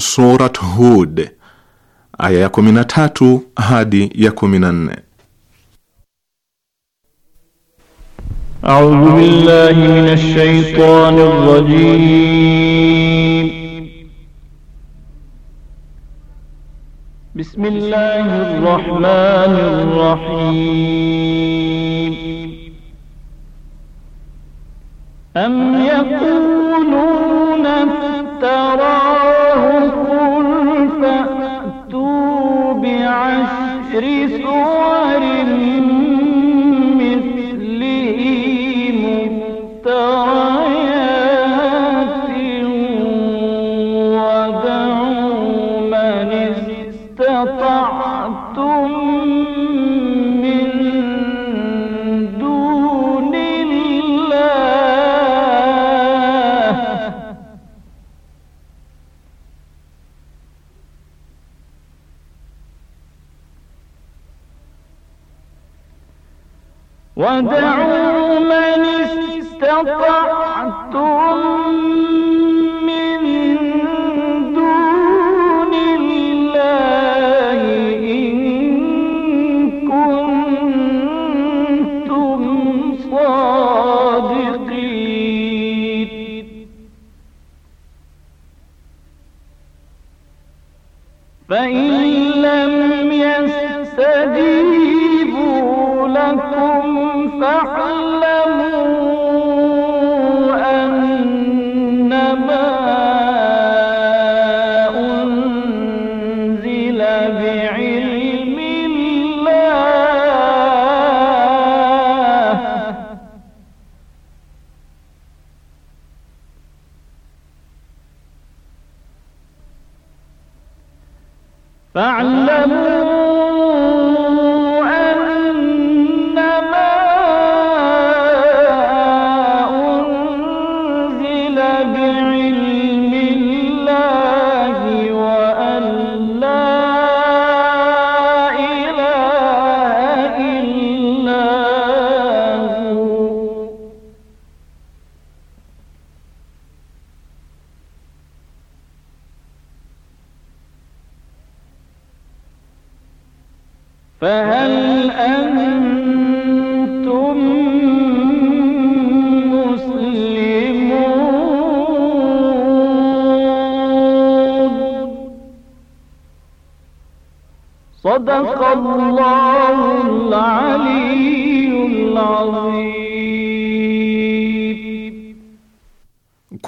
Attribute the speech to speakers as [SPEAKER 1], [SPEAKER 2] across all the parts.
[SPEAKER 1] Surat Hud aya ya 13 hadi ya 14.
[SPEAKER 2] A'udhu billahi minash shaitanir rajim. Bismillahir rahmanir rahim. Am yaquluna iftara Oh.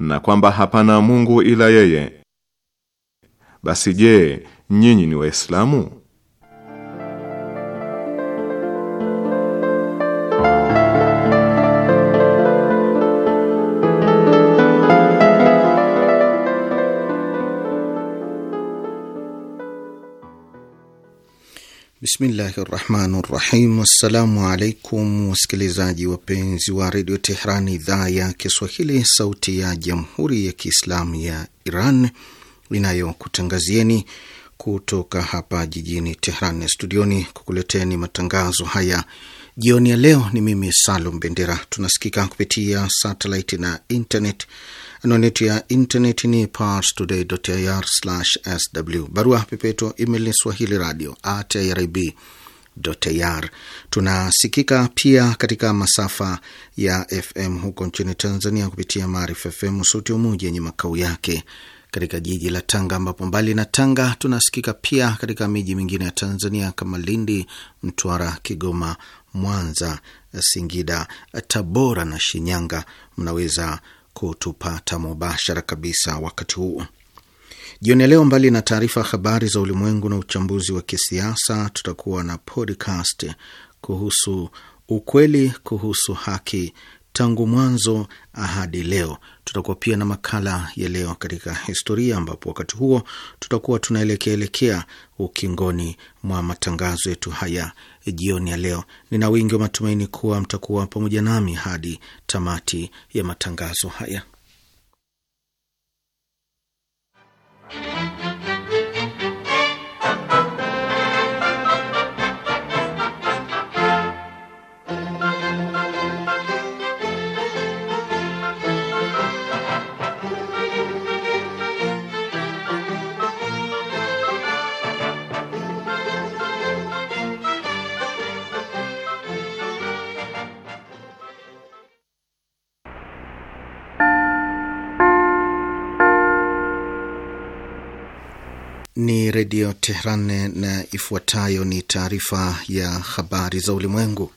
[SPEAKER 1] na kwamba hapana Mungu ila yeye. Basi je, nyinyi ni Waislamu?
[SPEAKER 3] Bismillahi rahmani rahim. Assalamu alaikum wasikilizaji wapenzi wa redio Tehran, idhaa ya Kiswahili, sauti ya jamhuri ya Kiislamu ya Iran inayokutangazieni kutoka hapa jijini Tehran studioni kukuleteni matangazo haya jioni ya leo. Ni mimi Salum Bendera. Tunasikika kupitia satelaiti na internet Anwani yetu ya intaneti ni parstoday.ir/sw. Barua pepeto email ni swahili radio at irib .ir. Tunasikika pia katika masafa ya FM huko nchini Tanzania kupitia Maarifa FM Sauti Umoja yenye makao yake katika jiji la Tanga, ambapo mbali na Tanga tunasikika pia katika miji mingine ya Tanzania kama Lindi, Mtwara, Kigoma, Mwanza, Singida, Tabora na Shinyanga. Mnaweza kutupata mubashara kabisa wakati huu jioni ya leo. Mbali na taarifa habari za ulimwengu na uchambuzi wa kisiasa, tutakuwa na podcast kuhusu ukweli kuhusu haki tangu mwanzo hadi leo. Tutakuwa pia na makala ya leo katika historia, ambapo wakati huo tutakuwa tunaelekeaelekea ukingoni mwa matangazo yetu haya jioni ya leo. Nina wingi wa matumaini kuwa mtakuwa pamoja nami hadi tamati ya matangazo haya. ni Redio Tehran na ifuatayo ni taarifa ya habari za ulimwengu.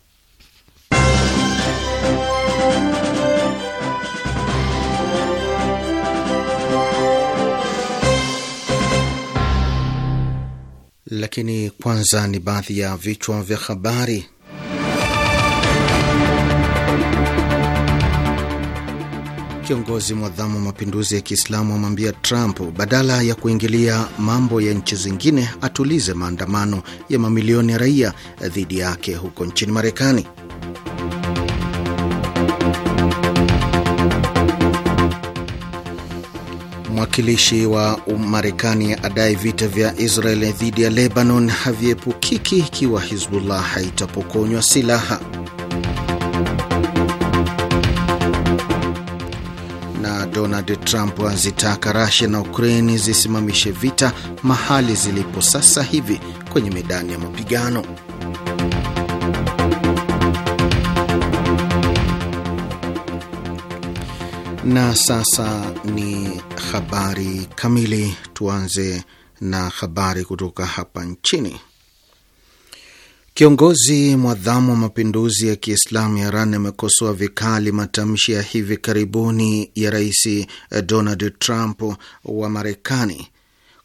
[SPEAKER 3] Lakini kwanza ni baadhi ya vichwa vya habari. Kiongozi mwadhamu wa mapinduzi ya Kiislamu amwambia Trump badala ya kuingilia mambo ya nchi zingine atulize maandamano ya mamilioni ya raia dhidi yake huko nchini Marekani. Mwakilishi wa Marekani adai vita vya Israel dhidi ya Lebanon haviepukiki ikiwa Hizbullah haitapokonywa silaha. Donald Trump azitaka Rasia na Ukraini zisimamishe vita mahali zilipo sasa hivi kwenye medani ya mapigano. Na sasa ni habari kamili. Tuanze na habari kutoka hapa nchini. Kiongozi mwadhamu wa mapinduzi ya Kiislamu ya Iran amekosoa vikali matamshi ya hivi karibuni ya Rais Donald Trump wa Marekani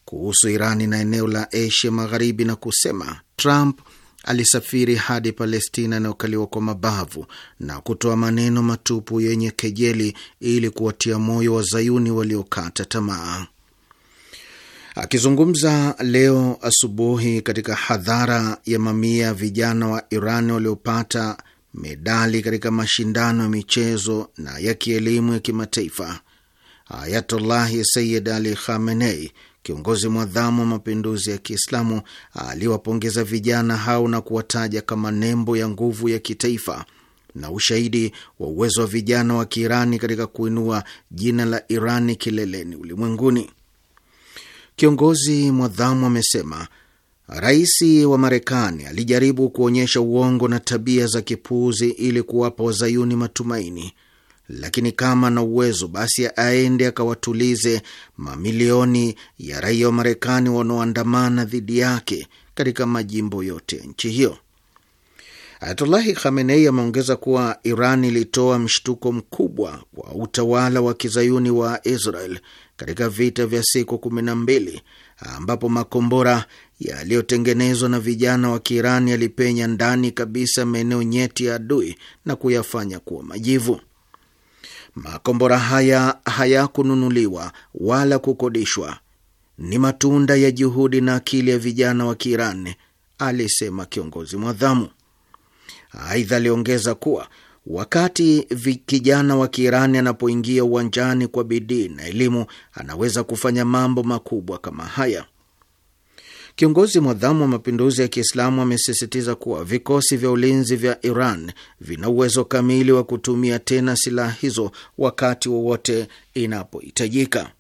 [SPEAKER 3] kuhusu Irani na eneo la Asia Magharibi na kusema Trump alisafiri hadi Palestina inayokaliwa kwa mabavu na kutoa maneno matupu yenye kejeli ili kuwatia moyo wazayuni waliokata tamaa. Akizungumza leo asubuhi katika hadhara ya mamia ya vijana wa Iran waliopata medali katika mashindano ya michezo na ya kielimu ya kimataifa, Ayatullahi Sayid Ali Khamenei, kiongozi mwadhamu wa mapinduzi ya Kiislamu, aliwapongeza vijana hao na kuwataja kama nembo ya nguvu ya kitaifa na ushahidi wa uwezo wa vijana wa Kiirani katika kuinua jina la Irani kileleni ulimwenguni. Kiongozi mwadhamu amesema rais wa Marekani alijaribu kuonyesha uongo na tabia za kipuuzi ili kuwapa wazayuni matumaini, lakini kama na uwezo basi aende akawatulize mamilioni ya raia wa Marekani wanaoandamana dhidi yake katika majimbo yote ya nchi hiyo. Ayatulahi Khamenei ameongeza kuwa Iran ilitoa mshtuko mkubwa kwa utawala wa kizayuni wa Israel katika vita vya siku kumi na mbili ambapo makombora yaliyotengenezwa na vijana wa Kiirani yalipenya ndani kabisa maeneo nyeti ya adui na kuyafanya kuwa majivu. Makombora haya hayakununuliwa wala kukodishwa, ni matunda ya juhudi na akili ya vijana wa Kiirani, alisema kiongozi mwadhamu. Aidha aliongeza kuwa Wakati kijana wa Kiirani anapoingia uwanjani kwa bidii na elimu, anaweza kufanya mambo makubwa kama haya. Kiongozi mwadhamu wa mapinduzi ya Kiislamu amesisitiza kuwa vikosi vya ulinzi vya Iran vina uwezo kamili wa kutumia tena silaha hizo wakati wowote inapohitajika.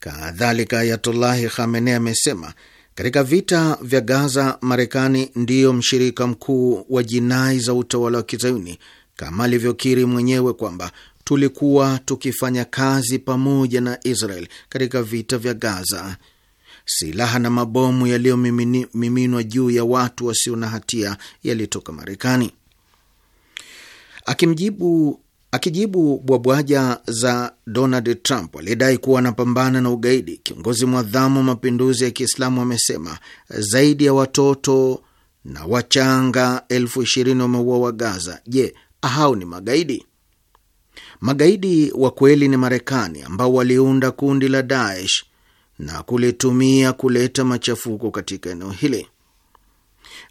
[SPEAKER 3] Kadhalika, Ayatullahi Khamenei amesema katika vita vya Gaza, Marekani ndiyo mshirika mkuu wa jinai za utawala wa kizayuni kama alivyokiri mwenyewe kwamba tulikuwa tukifanya kazi pamoja na Israel katika vita vya Gaza. Silaha na mabomu yaliyomiminwa juu ya watu wasio na hatia yalitoka Marekani. Akimjibu Akijibu bwabwaja za Donald Trump aliyedai kuwa anapambana na ugaidi, kiongozi mwadhamu wa mapinduzi ya Kiislamu amesema zaidi ya watoto na wachanga elfu ishirini wameuawa Gaza. Je, hao ni magaidi? Magaidi wa kweli ni Marekani ambao waliunda kundi la Daesh na kulitumia kuleta machafuko katika eneo hili.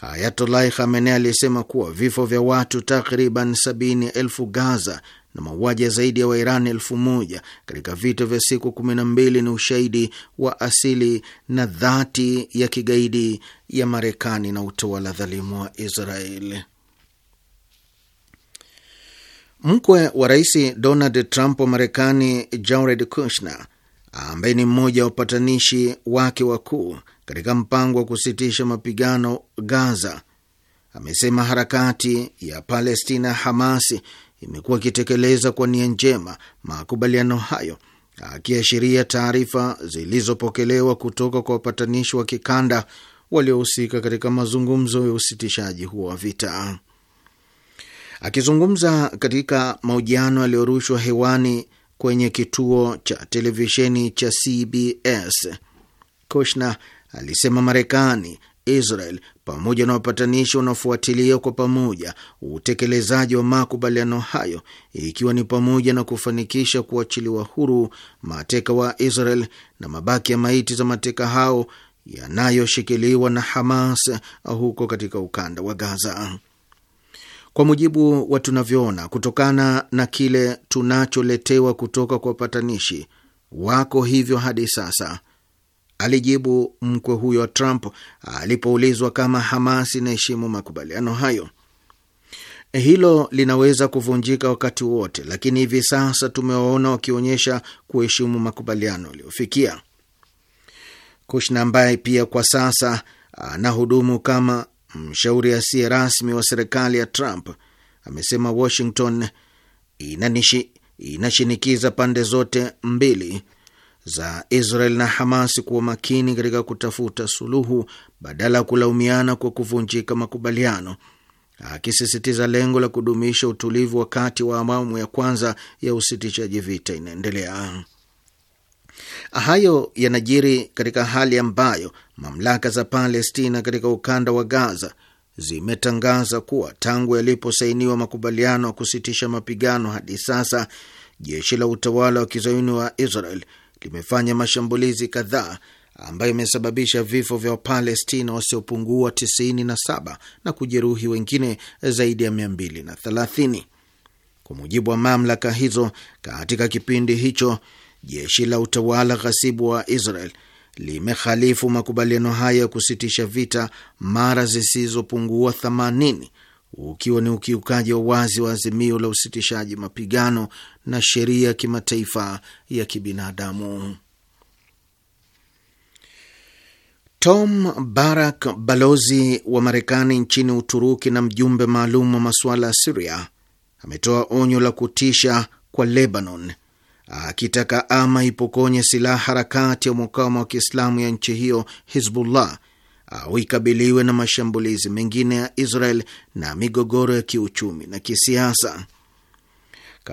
[SPEAKER 3] Ayatollah Khamenei aliyesema kuwa vifo vya watu takriban sabini elfu Gaza na mauaji zaidi ya wairan elfu moja katika vita vya siku kumi na mbili ni ushahidi wa asili na dhati ya kigaidi ya Marekani na utawala dhalimu wa Israeli. Mkwe wa rais Donald Trump wa Marekani, Jared Kushner, ambaye ni mmoja wa upatanishi wake wakuu katika mpango wa kusitisha mapigano Gaza, amesema harakati ya Palestina Hamasi imekuwa ikitekeleza kwa nia njema makubaliano hayo, akiashiria taarifa zilizopokelewa kutoka kwa wapatanishi wa kikanda waliohusika katika mazungumzo ya usitishaji huo wa vita. Akizungumza katika mahojiano yaliyorushwa hewani kwenye kituo cha televisheni cha CBS, Kushner alisema Marekani, Israel pamoja na wapatanishi wanaofuatilia kwa pamoja utekelezaji wa makubaliano hayo, ikiwa ni pamoja na kufanikisha kuachiliwa huru mateka wa Israel na mabaki ya maiti za mateka hao yanayoshikiliwa na Hamas huko katika ukanda wa Gaza. Kwa mujibu wa tunavyoona, kutokana na kile tunacholetewa kutoka kwa wapatanishi wako hivyo hadi sasa alijibu mkwe huyo Trump alipoulizwa kama Hamas inaheshimu makubaliano hayo. Hilo linaweza kuvunjika wakati wote, lakini hivi sasa tumewaona wakionyesha kuheshimu makubaliano yaliyofikia. Kushna ambaye pia kwa sasa anahudumu kama mshauri asiye rasmi wa serikali ya Trump amesema Washington inanishi, inashinikiza pande zote mbili za Israel na hamas kuwa makini katika kutafuta suluhu badala ya kulaumiana kwa kuvunjika makubaliano, akisisitiza lengo la kudumisha utulivu wakati wa awamu ya kwanza ya usitishaji vita inaendelea. Hayo yanajiri katika hali ambayo mamlaka za Palestina katika ukanda wa Gaza zimetangaza kuwa tangu yaliposainiwa makubaliano ya kusitisha mapigano hadi sasa jeshi la utawala wa kizayuni wa Israel limefanya mashambulizi kadhaa ambayo imesababisha vifo vya Wapalestina wasiopungua 97 na kujeruhi wengine zaidi ya 230 kwa mujibu wa mamlaka hizo. Katika kipindi hicho jeshi la utawala ghasibu wa Israel limehalifu makubaliano haya ya kusitisha vita mara zisizopungua 80 ukiwa ni ukiukaji wa wazi wa azimio la usitishaji mapigano na sheria ya kimataifa ya kibinadamu. Tom Barak, balozi wa Marekani nchini Uturuki na mjumbe maalum wa masuala ya Siria, ametoa onyo la kutisha kwa Lebanon, akitaka ama ipokonye silaha harakati ya mukawama wa Kiislamu ya nchi hiyo Hizbullah au ikabiliwe na mashambulizi mengine ya Israel na migogoro ya kiuchumi na kisiasa.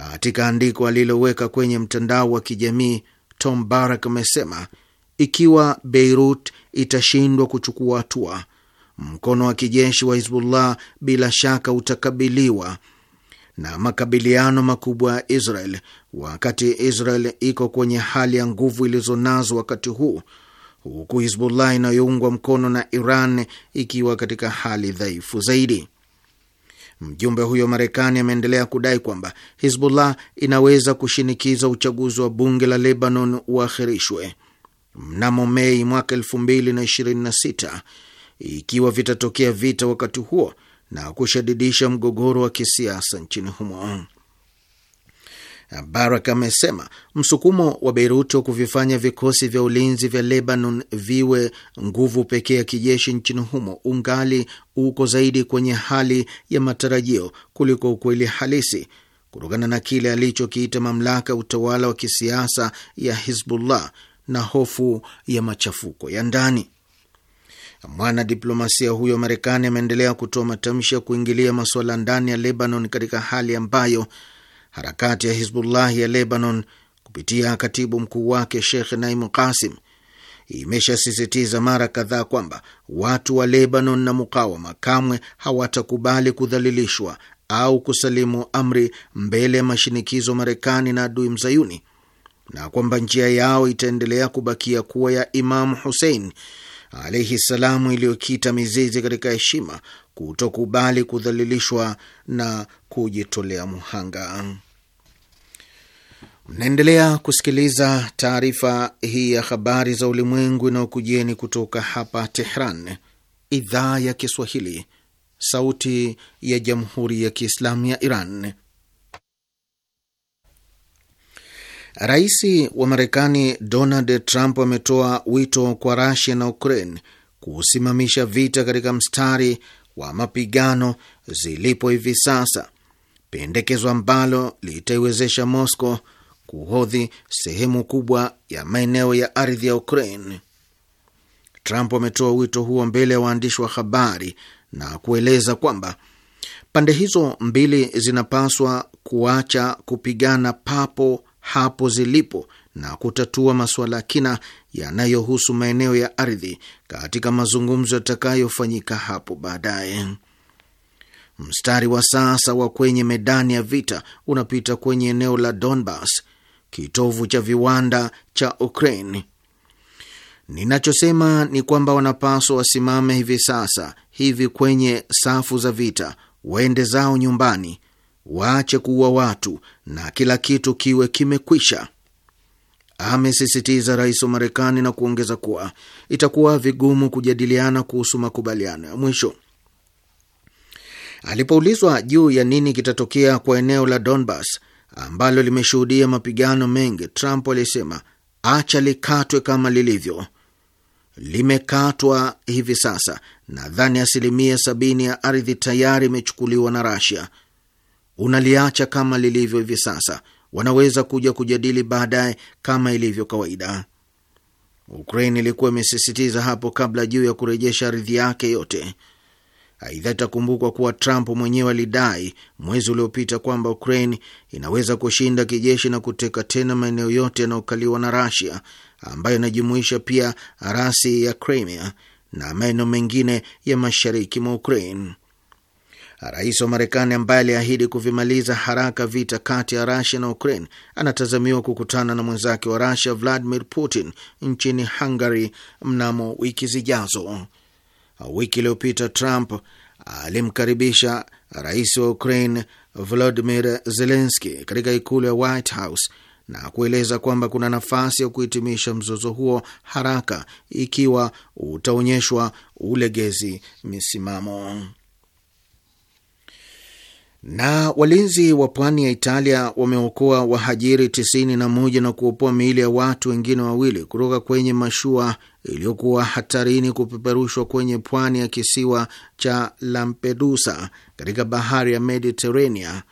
[SPEAKER 3] Katika andiko aliloweka kwenye mtandao wa kijamii, Tom Barak amesema ikiwa Beirut itashindwa kuchukua hatua, mkono wa kijeshi wa Hizbullah bila shaka utakabiliwa na makabiliano makubwa ya Israel, wakati Israel iko kwenye hali ya nguvu ilizonazo wakati huu, huku Hizbullah inayoungwa mkono na Iran ikiwa katika hali dhaifu zaidi. Mjumbe huyo Marekani ameendelea kudai kwamba Hizbullah inaweza kushinikiza uchaguzi wa bunge la Lebanon uakhirishwe mnamo Mei mwaka sita ikiwa vitatokea vita wakati huo na kushadidisha mgogoro wa kisiasa nchini humo. Barak amesema msukumo wa Beiruti wa kuvifanya vikosi vya ulinzi vya Lebanon viwe nguvu pekee ya kijeshi nchini humo ungali uko zaidi kwenye hali ya matarajio kuliko ukweli halisi kutokana na kile alichokiita mamlaka ya utawala wa kisiasa ya Hizbullah na hofu ya machafuko ya ndani. mwana diplomasia huyo wa Marekani ameendelea kutoa matamshi ya kuingilia masuala ndani ya Lebanon katika hali ambayo harakati ya Hizbullah ya Lebanon kupitia katibu mkuu wake Sheikh Naim Qasim imeshasisitiza mara kadhaa kwamba watu wa Lebanon na mukawama kamwe hawatakubali kudhalilishwa au kusalimu amri mbele ya mashinikizo Marekani na adui mzayuni na kwamba njia yao itaendelea kubakia kuwa ya Imamu Husein alaihi salamu, iliyokita mizizi katika heshima, kutokubali kudhalilishwa na kujitolea muhanga. Mnaendelea kusikiliza taarifa hii ya habari za ulimwengu inayokujieni kutoka hapa Tehran, idhaa ya Kiswahili, sauti ya jamhuri ya kiislamu ya Iran. Rais wa Marekani Donald Trump ametoa wito kwa Rasia na Ukraine kusimamisha vita katika mstari wa mapigano zilipo hivi sasa, pendekezo ambalo litaiwezesha Moscow kuhodhi sehemu kubwa ya maeneo ya ardhi ya Ukraine. Trump ametoa wito huo mbele ya waandishi wa habari na kueleza kwamba pande hizo mbili zinapaswa kuacha kupigana papo hapo zilipo na kutatua masuala kina yanayohusu maeneo ya ardhi katika mazungumzo yatakayofanyika hapo baadaye. Mstari wa sasa wa kwenye medani ya vita unapita kwenye eneo la Donbas kitovu cha viwanda cha Ukraine. Ninachosema ni kwamba wanapaswa wasimame hivi sasa hivi kwenye safu za vita, waende zao nyumbani, waache kuua watu na kila kitu kiwe kimekwisha, amesisitiza rais wa Marekani na kuongeza kuwa itakuwa vigumu kujadiliana kuhusu makubaliano ya mwisho. Alipoulizwa juu ya nini kitatokea kwa eneo la Donbas, ambalo limeshuhudia mapigano mengi, Trump alisema acha likatwe kama lilivyo. Limekatwa hivi sasa, nadhani asilimia sabini ya ardhi tayari imechukuliwa na Rasia. Unaliacha kama lilivyo hivi sasa, wanaweza kuja kujadili baadaye kama ilivyo kawaida. Ukraine ilikuwa imesisitiza hapo kabla juu ya kurejesha ardhi yake yote. Aidha, itakumbukwa kuwa Trump mwenyewe alidai mwezi uliopita kwamba Ukraine inaweza kushinda kijeshi na kuteka tena maeneo yote yanayokaliwa na Russia ambayo inajumuisha pia rasi ya Crimea na maeneo mengine ya mashariki mwa Ukraine. Rais wa Marekani ambaye aliahidi kuvimaliza haraka vita kati ya Rasia na Ukraine anatazamiwa kukutana na mwenzake wa Rasia Vladimir Putin nchini Hungary mnamo wiki zijazo. Uh, wiki iliyopita Trump alimkaribisha rais wa Ukraine Volodimir Zelenski katika ikulu ya White House na kueleza kwamba kuna nafasi ya kuhitimisha mzozo huo haraka ikiwa utaonyeshwa ulegezi misimamo. Na walinzi wa pwani ya Italia wameokoa wahajiri tisini na moja na kuopoa miili ya watu wengine wawili kutoka kwenye mashua iliyokuwa hatarini kupeperushwa kwenye pwani ya kisiwa cha Lampedusa katika bahari ya Mediterania.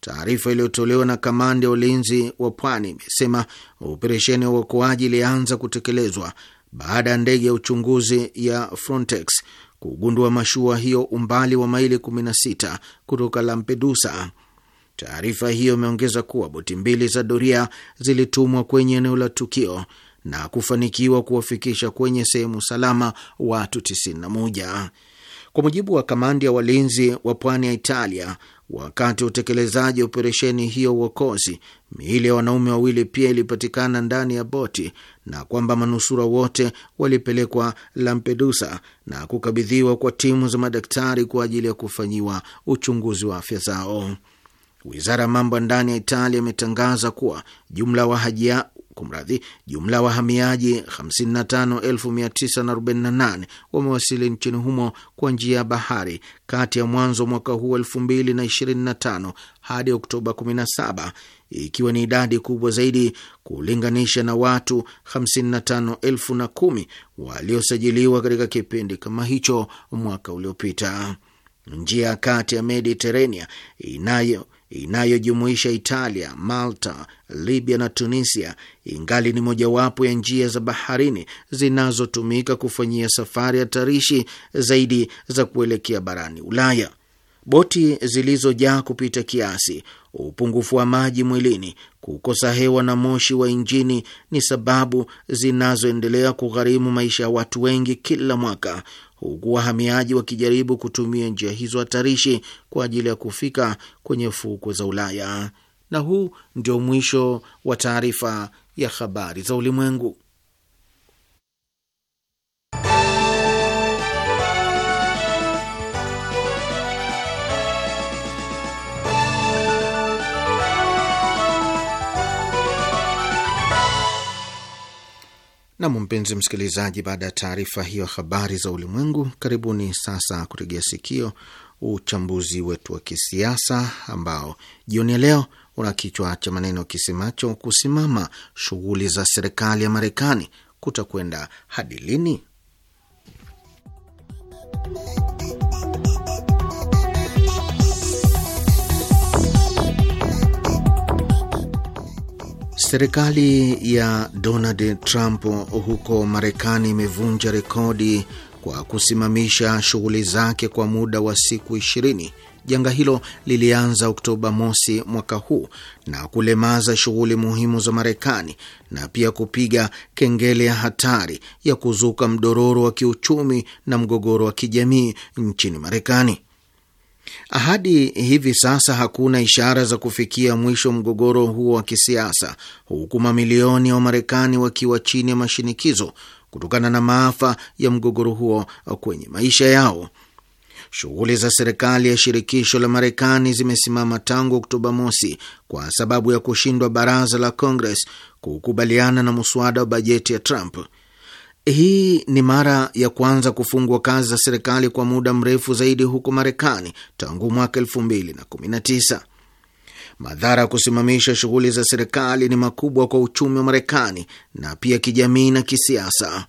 [SPEAKER 3] Taarifa iliyotolewa na kamanda ya ulinzi wa pwani imesema operesheni ya uokoaji ilianza kutekelezwa baada ya ndege ya uchunguzi ya Frontex kugundua mashua hiyo umbali wa maili 16 kutoka Lampedusa. Taarifa hiyo imeongeza kuwa boti mbili za doria zilitumwa kwenye eneo la tukio na kufanikiwa kuwafikisha kwenye sehemu salama watu 91. Kwa mujibu wa kamandi ya walinzi wa pwani ya Italia, Wakati wa utekelezaji wa operesheni hiyo uokozi, miili ya wanaume wawili pia ilipatikana ndani ya boti na kwamba manusura wote walipelekwa Lampedusa na kukabidhiwa kwa timu za madaktari kwa ajili ya kufanyiwa uchunguzi wa afya zao. Wizara ya mambo ya ndani ya Italia imetangaza kuwa jumla Kumradhi, jumla ya wahamiaji 55948 wamewasili nchini humo kwa njia ya bahari kati ya mwanzo mwaka huu 2025 hadi Oktoba 17 ikiwa ni idadi kubwa zaidi kulinganisha na watu 55,010 waliosajiliwa katika kipindi kama hicho mwaka uliopita. Njia kati ya Mediterania inayo inayojumuisha Italia, Malta, Libya na Tunisia ingali ni mojawapo ya njia za baharini zinazotumika kufanyia safari hatarishi zaidi za kuelekea barani Ulaya boti zilizojaa kupita kiasi, upungufu wa maji mwilini, kukosa hewa na moshi wa injini ni sababu zinazoendelea kugharimu maisha ya watu wengi kila mwaka, huku wahamiaji wakijaribu kutumia njia hizo hatarishi kwa ajili ya kufika kwenye fukwe za Ulaya. Na huu ndio mwisho wa taarifa ya habari za ulimwengu. Nam, mpenzi msikilizaji, baada ya taarifa hiyo habari za ulimwengu, karibuni sasa kutegea sikio uchambuzi wetu wa kisiasa ambao jioni ya leo una kichwa cha maneno kisemacho kusimama shughuli za serikali ya Marekani kutakwenda hadi lini? Serikali ya Donald Trump huko Marekani imevunja rekodi kwa kusimamisha shughuli zake kwa muda wa siku ishirini. Janga hilo lilianza Oktoba mosi mwaka huu na kulemaza shughuli muhimu za Marekani na pia kupiga kengele ya hatari ya kuzuka mdororo wa kiuchumi na mgogoro wa kijamii nchini Marekani. Ahadi hivi sasa hakuna ishara za kufikia mwisho mgogoro huo wa kisiasa, huku mamilioni ya Wamarekani wakiwa chini ya mashinikizo kutokana na maafa ya mgogoro huo kwenye maisha yao. Shughuli za serikali ya shirikisho la Marekani zimesimama tangu Oktoba mosi kwa sababu ya kushindwa baraza la Congress kukubaliana na mswada wa bajeti ya Trump. Hii ni mara ya kwanza kufungwa kazi za serikali kwa muda mrefu zaidi huko Marekani tangu mwaka 219 Madhara ya kusimamisha shughuli za serikali ni makubwa kwa uchumi wa Marekani na pia kijamii na kisiasa.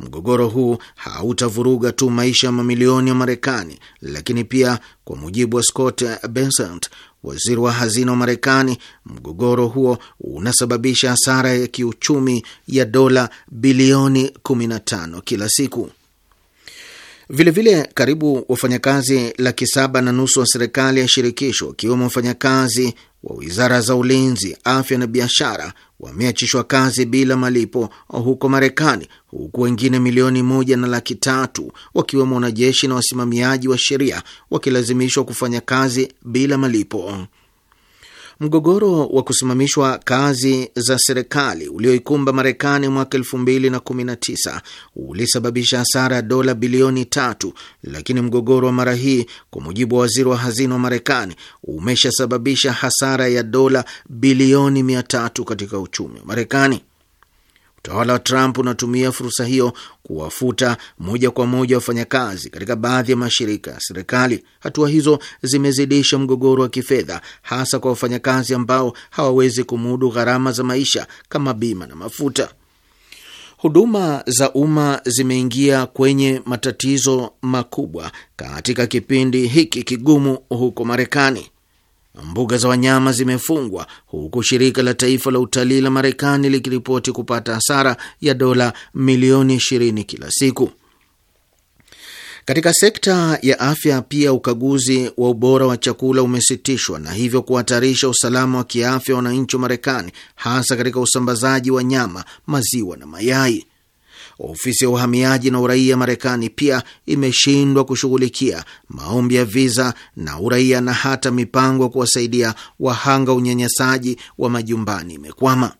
[SPEAKER 3] Mgogoro huu hautavuruga tu maisha ya mamilioni ya Marekani, lakini pia, kwa mujibu wa Scott Bessent, waziri wa hazina wa Marekani, mgogoro huo unasababisha hasara ya kiuchumi ya dola bilioni 15 kila siku. Vilevile vile karibu wafanyakazi laki saba na nusu wa serikali ya shirikisho wakiwemo wafanyakazi wa wizara za ulinzi, afya na biashara wameachishwa kazi bila malipo huko Marekani, huku wengine milioni moja na laki tatu wakiwemo wanajeshi na wasimamiaji wa sheria wakilazimishwa kufanya kazi bila malipo. Mgogoro wa kusimamishwa kazi za serikali ulioikumba Marekani mwaka na tisa ulisababisha hasara ya dola bilioni tatu, lakini mgogoro wa mara hii, kwa mujibu wa waziri wa hazina wa Marekani, umeshasababisha hasara ya dola bilioni tatu katika uchumi wa Marekani. Utawala wa Trump unatumia fursa hiyo kuwafuta moja kwa moja wafanyakazi katika baadhi ya mashirika ya serikali. Hatua hizo zimezidisha mgogoro wa kifedha, hasa kwa wafanyakazi ambao hawawezi kumudu gharama za maisha kama bima na mafuta. Huduma za umma zimeingia kwenye matatizo makubwa katika kipindi hiki kigumu huko Marekani mbuga za wanyama zimefungwa huku shirika la taifa la utalii la Marekani likiripoti kupata hasara ya dola milioni 20 kila siku. Katika sekta ya afya pia, ukaguzi wa ubora wa chakula umesitishwa na hivyo kuhatarisha usalama wa kiafya wa wananchi wa Marekani, hasa katika usambazaji wa nyama, maziwa na mayai. Ofisi ya uhamiaji na uraia Marekani pia imeshindwa kushughulikia maombi ya viza na uraia na hata mipango ya kuwasaidia wahanga unyanyasaji wa majumbani imekwama.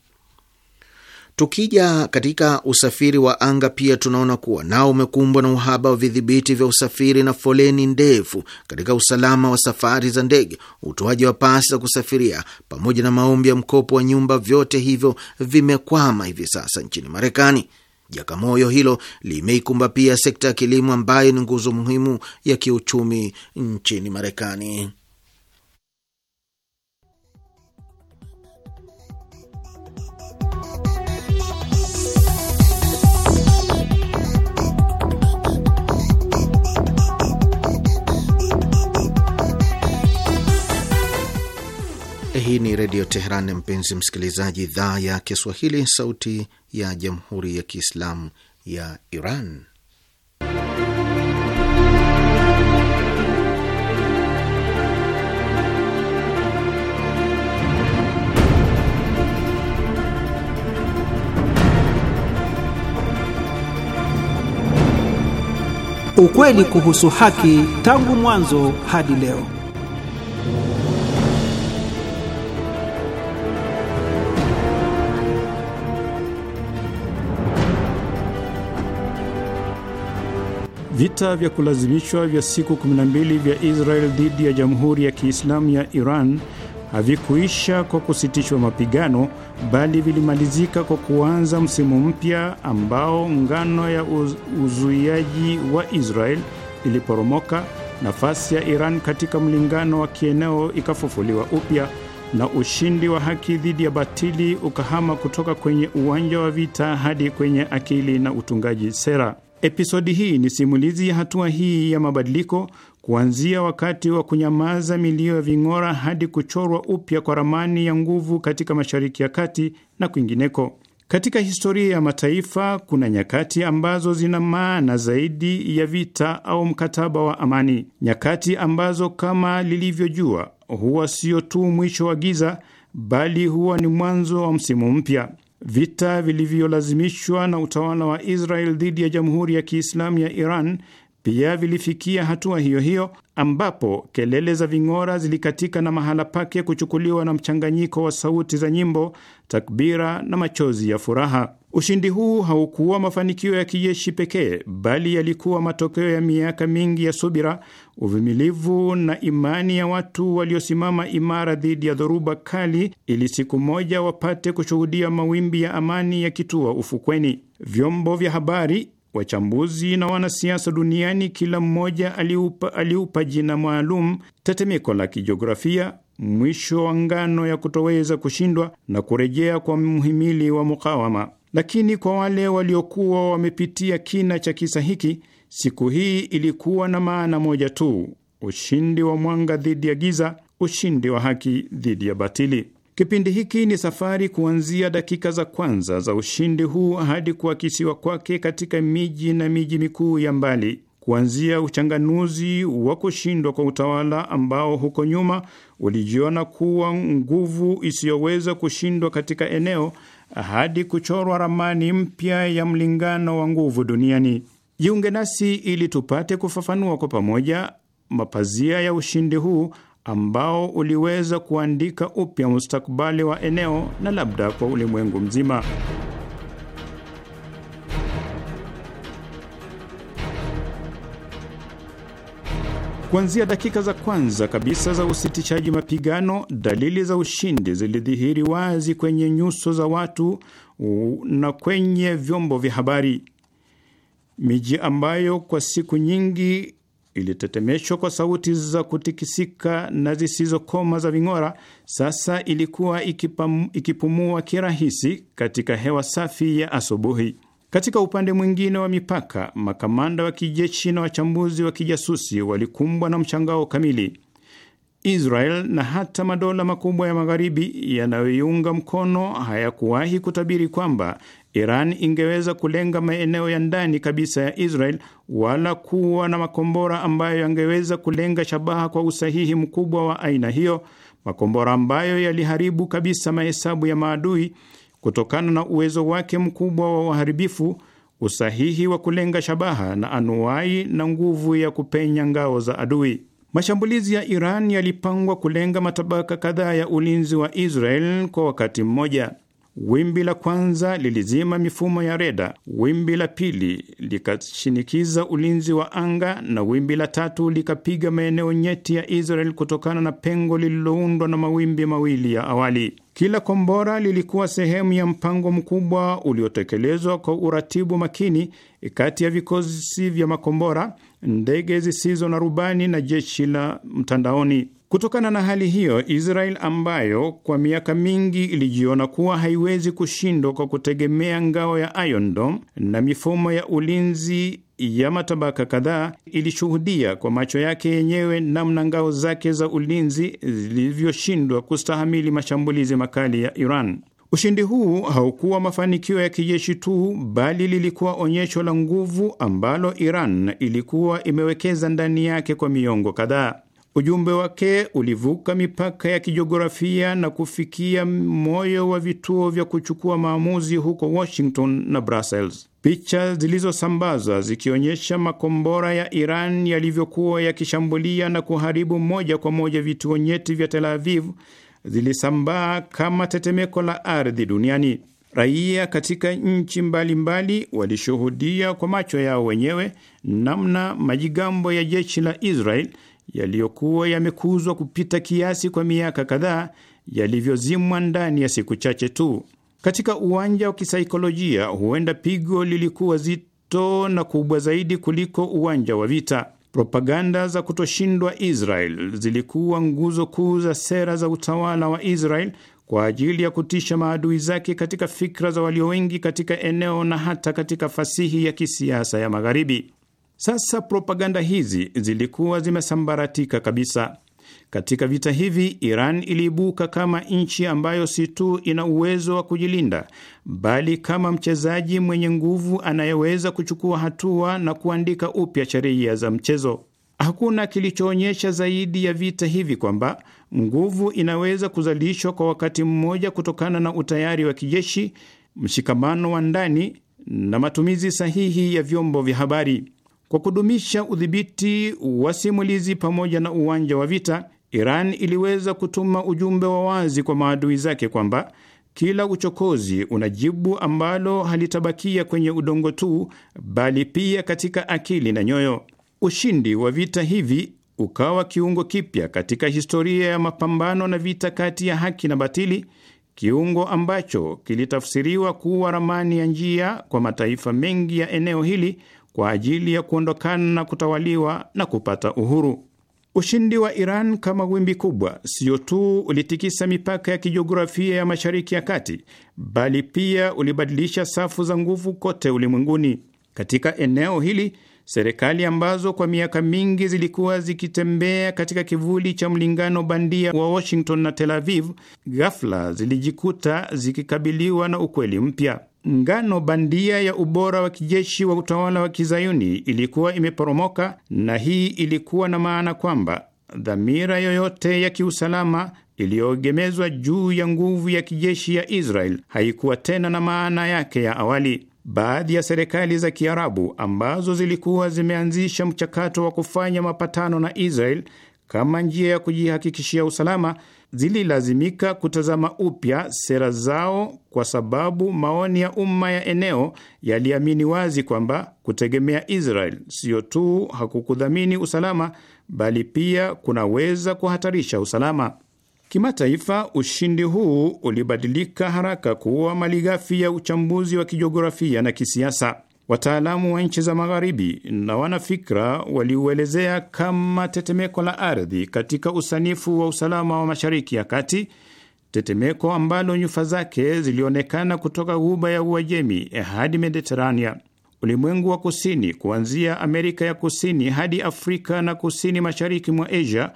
[SPEAKER 3] Tukija katika usafiri wa anga pia tunaona kuwa nao umekumbwa na uhaba wa vidhibiti vya usafiri na foleni ndefu katika usalama wa safari za ndege, utoaji wa pasi za kusafiria pamoja na maombi ya mkopo wa nyumba, vyote hivyo vimekwama hivi sasa nchini Marekani. Jakamoyo hilo limeikumba pia sekta ya kilimo ambayo ni nguzo muhimu ya kiuchumi nchini Marekani. Redio Teheran, mpenzi msikilizaji, idhaa ya Kiswahili, sauti ya jamhuri ya Kiislamu ya Iran. Ukweli
[SPEAKER 4] kuhusu haki, tangu mwanzo hadi leo.
[SPEAKER 1] Vita vya kulazimishwa vya siku 12 vya Israel dhidi ya Jamhuri ya Kiislamu ya Iran havikuisha kwa kusitishwa mapigano, bali vilimalizika kwa kuanza msimu mpya ambao ngano ya uz uzuiaji wa Israel iliporomoka, nafasi ya Iran katika mlingano wa kieneo ikafufuliwa upya na ushindi wa haki dhidi ya batili ukahama kutoka kwenye uwanja wa vita hadi kwenye akili na utungaji sera. Episodi hii ni simulizi ya hatua hii ya mabadiliko, kuanzia wakati wa kunyamaza milio ya ving'ora hadi kuchorwa upya kwa ramani ya nguvu katika Mashariki ya Kati na kwingineko. Katika historia ya mataifa kuna nyakati ambazo zina maana zaidi ya vita au mkataba wa amani, nyakati ambazo kama lilivyojua huwa sio tu mwisho wa giza, bali huwa ni mwanzo wa msimu mpya. Vita vilivyolazimishwa na utawala wa Israel dhidi ya Jamhuri ya Kiislamu ya Iran pia vilifikia hatua hiyo hiyo ambapo kelele za ving'ora zilikatika na mahala pake kuchukuliwa na mchanganyiko wa sauti za nyimbo, takbira na machozi ya furaha. Ushindi huu haukuwa mafanikio ya kijeshi pekee, bali yalikuwa matokeo ya miaka mingi ya subira, uvumilivu na imani ya watu waliosimama imara dhidi ya dhoruba kali, ili siku moja wapate kushuhudia mawimbi ya amani yakitua ufukweni. Vyombo vya habari Wachambuzi na wanasiasa duniani kila mmoja aliupa, aliupa jina maalum tetemeko la kijiografia, mwisho wa ngano ya kutoweza kushindwa na kurejea kwa mhimili wa mukawama. Lakini kwa wale waliokuwa wamepitia kina cha kisa hiki, siku hii ilikuwa na maana moja tu: ushindi wa mwanga dhidi ya giza, ushindi wa haki dhidi ya batili. Kipindi hiki ni safari kuanzia dakika za kwanza za ushindi huu hadi kuakisiwa kwake katika miji na miji mikuu ya mbali, kuanzia uchanganuzi wa kushindwa kwa utawala ambao huko nyuma ulijiona kuwa nguvu isiyoweza kushindwa katika eneo hadi kuchorwa ramani mpya ya mlingano wa nguvu duniani. Jiunge nasi ili tupate kufafanua kwa pamoja mapazia ya ushindi huu ambao uliweza kuandika upya mustakabali wa eneo na labda kwa ulimwengu mzima. Kuanzia dakika za kwanza kabisa za usitishaji mapigano, dalili za ushindi zilidhihiri wazi kwenye nyuso za watu na kwenye vyombo vya habari. Miji ambayo kwa siku nyingi ilitetemeshwa kwa sauti za kutikisika na zisizokoma za ving'ora. Sasa ilikuwa ikipam, ikipumua kirahisi katika hewa safi ya asubuhi. Katika upande mwingine wa mipaka, makamanda wa kijeshi na wachambuzi wa kijasusi walikumbwa na mshangao kamili. Israel na hata madola makubwa ya magharibi yanayoiunga mkono hayakuwahi kutabiri kwamba Iran ingeweza kulenga maeneo ya ndani kabisa ya Israel wala kuwa na makombora ambayo yangeweza kulenga shabaha kwa usahihi mkubwa wa aina hiyo, makombora ambayo yaliharibu kabisa mahesabu ya maadui kutokana na uwezo wake mkubwa wa uharibifu, usahihi wa kulenga shabaha na anuai na nguvu ya kupenya ngao za adui. Mashambulizi ya Iran yalipangwa kulenga matabaka kadhaa ya ulinzi wa Israel kwa wakati mmoja. Wimbi la kwanza lilizima mifumo ya reda, wimbi la pili likashinikiza ulinzi wa anga, na wimbi la tatu likapiga maeneo nyeti ya Israel kutokana na pengo lililoundwa na mawimbi mawili ya awali. Kila kombora lilikuwa sehemu ya mpango mkubwa uliotekelezwa kwa uratibu makini kati ya vikosi vya makombora, ndege zisizo na rubani na jeshi la mtandaoni. Kutokana na hali hiyo, Israel ambayo kwa miaka mingi ilijiona kuwa haiwezi kushindwa kwa kutegemea ngao ya Iron Dome na mifumo ya ulinzi ya matabaka kadhaa, ilishuhudia kwa macho yake yenyewe namna ngao zake za ulinzi zilivyoshindwa kustahamili mashambulizi makali ya Iran. Ushindi huu haukuwa mafanikio ya kijeshi tu, bali lilikuwa onyesho la nguvu ambalo Iran ilikuwa imewekeza ndani yake kwa miongo kadhaa. Ujumbe wake ulivuka mipaka ya kijiografia na kufikia moyo wa vituo vya kuchukua maamuzi huko Washington na Brussels. Picha zilizosambazwa zikionyesha makombora ya Iran yalivyokuwa yakishambulia na kuharibu moja kwa moja vituo nyeti vya Tel Aviv zilisambaa kama tetemeko la ardhi duniani. Raia katika nchi mbalimbali walishuhudia kwa macho yao wenyewe namna majigambo ya jeshi la Israel yaliyokuwa yamekuzwa kupita kiasi kwa miaka kadhaa yalivyozimwa ndani ya siku chache tu. Katika uwanja wa kisaikolojia, huenda pigo lilikuwa zito na kubwa zaidi kuliko uwanja wa vita. Propaganda za kutoshindwa Israel zilikuwa nguzo kuu za sera za utawala wa Israel kwa ajili ya kutisha maadui zake katika fikra za walio wengi katika eneo na hata katika fasihi ya kisiasa ya Magharibi. Sasa propaganda hizi zilikuwa zimesambaratika kabisa. Katika vita hivi Iran iliibuka kama nchi ambayo si tu ina uwezo wa kujilinda, bali kama mchezaji mwenye nguvu anayeweza kuchukua hatua na kuandika upya sheria za mchezo. Hakuna kilichoonyesha zaidi ya vita hivi kwamba nguvu inaweza kuzalishwa kwa wakati mmoja kutokana na utayari wa kijeshi, mshikamano wa ndani na matumizi sahihi ya vyombo vya habari. Kwa kudumisha udhibiti wa simulizi pamoja na uwanja wa vita, Iran iliweza kutuma ujumbe wa wazi kwa maadui zake kwamba kila uchokozi una jibu ambalo halitabakia kwenye udongo tu, bali pia katika akili na nyoyo. Ushindi wa vita hivi ukawa kiungo kipya katika historia ya mapambano na vita kati ya haki na batili, kiungo ambacho kilitafsiriwa kuwa ramani ya njia kwa mataifa mengi ya eneo hili kwa ajili ya kuondokana na kutawaliwa na kupata uhuru. Ushindi wa Iran kama wimbi kubwa sio tu ulitikisa mipaka ya kijiografia ya Mashariki ya Kati, bali pia ulibadilisha safu za nguvu kote ulimwenguni. Katika eneo hili, serikali ambazo kwa miaka mingi zilikuwa zikitembea katika kivuli cha mlingano bandia wa Washington na Tel Aviv, ghafla zilijikuta zikikabiliwa na ukweli mpya ngano bandia ya ubora wa kijeshi wa utawala wa kizayuni ilikuwa imeporomoka, na hii ilikuwa na maana kwamba dhamira yoyote ya kiusalama iliyoegemezwa juu ya nguvu ya kijeshi ya Israel haikuwa tena na maana yake ya awali. Baadhi ya serikali za Kiarabu ambazo zilikuwa zimeanzisha mchakato wa kufanya mapatano na Israel kama njia ya kujihakikishia usalama, zililazimika kutazama upya sera zao, kwa sababu maoni ya umma ya eneo yaliamini wazi kwamba kutegemea Israel siyo tu hakukudhamini usalama, bali pia kunaweza kuhatarisha usalama kimataifa. Ushindi huu ulibadilika haraka kuwa malighafi ya uchambuzi wa kijiografia na kisiasa. Wataalamu wa nchi za Magharibi na wanafikra waliuelezea kama tetemeko la ardhi katika usanifu wa usalama wa Mashariki ya Kati, tetemeko ambalo nyufa zake zilionekana kutoka ghuba ya Uajemi hadi Mediterania, ulimwengu wa kusini, kuanzia Amerika ya kusini hadi Afrika na kusini mashariki mwa Asia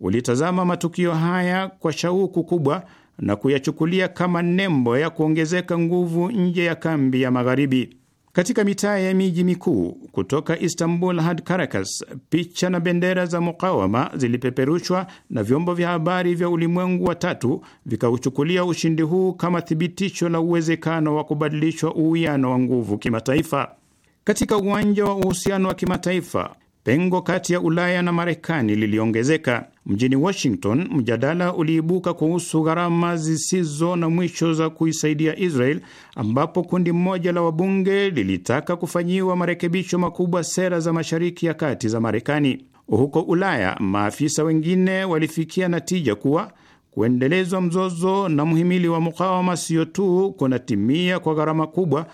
[SPEAKER 1] ulitazama matukio haya kwa shauku kubwa na kuyachukulia kama nembo ya kuongezeka nguvu nje ya kambi ya Magharibi. Katika mitaa ya miji mikuu kutoka Istanbul hadi Caracas, picha na bendera za mukawama zilipeperushwa na vyombo vya habari vya ulimwengu wa tatu vikauchukulia ushindi huu kama thibitisho la uwezekano wa kubadilishwa uwiano wa nguvu kimataifa. Katika uwanja wa uhusiano wa kimataifa, pengo kati ya Ulaya na Marekani liliongezeka. Mjini Washington, mjadala uliibuka kuhusu gharama zisizo na mwisho za kuisaidia Israel, ambapo kundi mmoja la wabunge lilitaka kufanyiwa marekebisho makubwa sera za Mashariki ya Kati za Marekani. Huko Ulaya, maafisa wengine walifikia natija kuwa kuendelezwa mzozo na mhimili wa mukawama sio tu kunatimia kwa gharama kubwa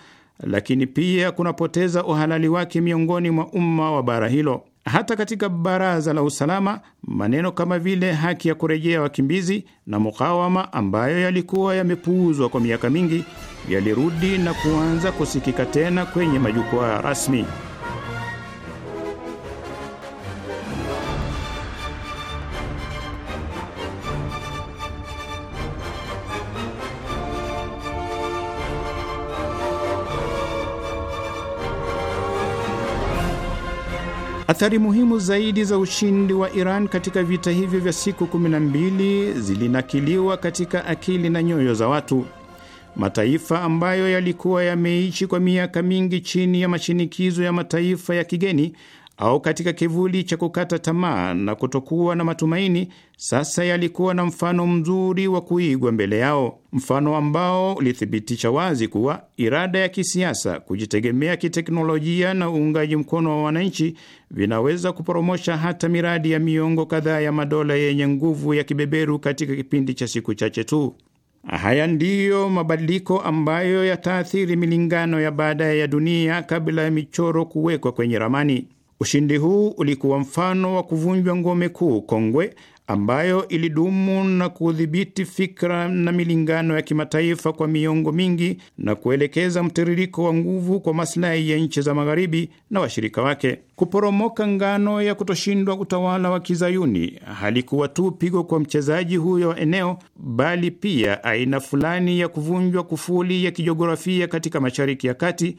[SPEAKER 1] lakini pia kunapoteza uhalali wake miongoni mwa umma wa bara hilo. Hata katika Baraza la Usalama, maneno kama vile haki ya kurejea wakimbizi na mukawama, ambayo yalikuwa yamepuuzwa kwa miaka mingi, yalirudi na kuanza kusikika tena kwenye majukwaa rasmi. Athari muhimu zaidi za ushindi wa Iran katika vita hivyo vya siku 12 zilinakiliwa katika akili na nyoyo za watu. Mataifa ambayo yalikuwa yameishi kwa miaka mingi chini ya mashinikizo ya mataifa ya kigeni au katika kivuli cha kukata tamaa na kutokuwa na matumaini, sasa yalikuwa na mfano mzuri wa kuigwa mbele yao, mfano ambao ulithibitisha wazi kuwa irada ya kisiasa, kujitegemea kiteknolojia na uungaji mkono wa wananchi vinaweza kuporomosha hata miradi ya miongo kadhaa ya madola yenye nguvu ya kibeberu katika kipindi cha siku chache tu. Haya ndiyo mabadiliko ambayo yataathiri milingano ya baadaye ya dunia kabla ya michoro kuwekwa kwenye ramani. Ushindi huu ulikuwa mfano wa kuvunjwa ngome kuu kongwe ambayo ilidumu na kudhibiti fikra na milingano ya kimataifa kwa miongo mingi na kuelekeza mtiririko wa nguvu kwa maslahi ya nchi za magharibi na washirika wake. Kuporomoka ngano ya kutoshindwa utawala wa kizayuni halikuwa tu pigo kwa mchezaji huyo wa eneo, bali pia aina fulani ya kuvunjwa kufuli ya kijiografia katika Mashariki ya Kati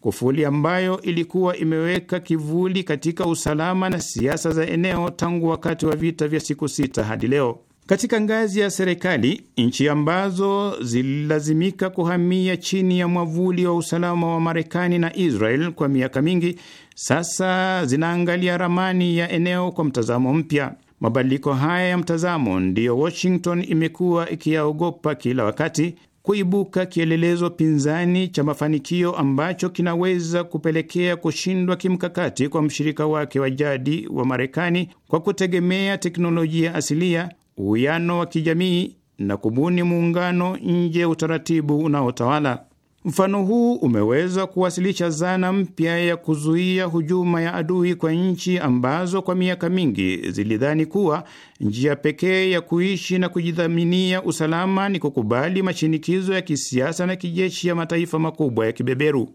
[SPEAKER 1] kufuli ambayo ilikuwa imeweka kivuli katika usalama na siasa za eneo tangu wakati wa vita vya siku sita hadi leo. Katika ngazi ya serikali, nchi ambazo zililazimika kuhamia chini ya mwavuli wa usalama wa Marekani na Israel kwa miaka mingi, sasa zinaangalia ramani ya eneo kwa mtazamo mpya. Mabadiliko haya ya mtazamo ndiyo Washington imekuwa ikiyaogopa kila wakati, kuibuka kielelezo pinzani cha mafanikio ambacho kinaweza kupelekea kushindwa kimkakati kwa mshirika wake wa jadi wa Marekani kwa kutegemea teknolojia asilia, uwiano wa kijamii na kubuni muungano nje ya utaratibu unaotawala. Mfano huu umeweza kuwasilisha zana mpya ya kuzuia hujuma ya adui kwa nchi ambazo kwa miaka mingi zilidhani kuwa njia pekee ya kuishi na kujidhaminia usalama ni kukubali mashinikizo ya kisiasa na kijeshi ya mataifa makubwa ya kibeberu.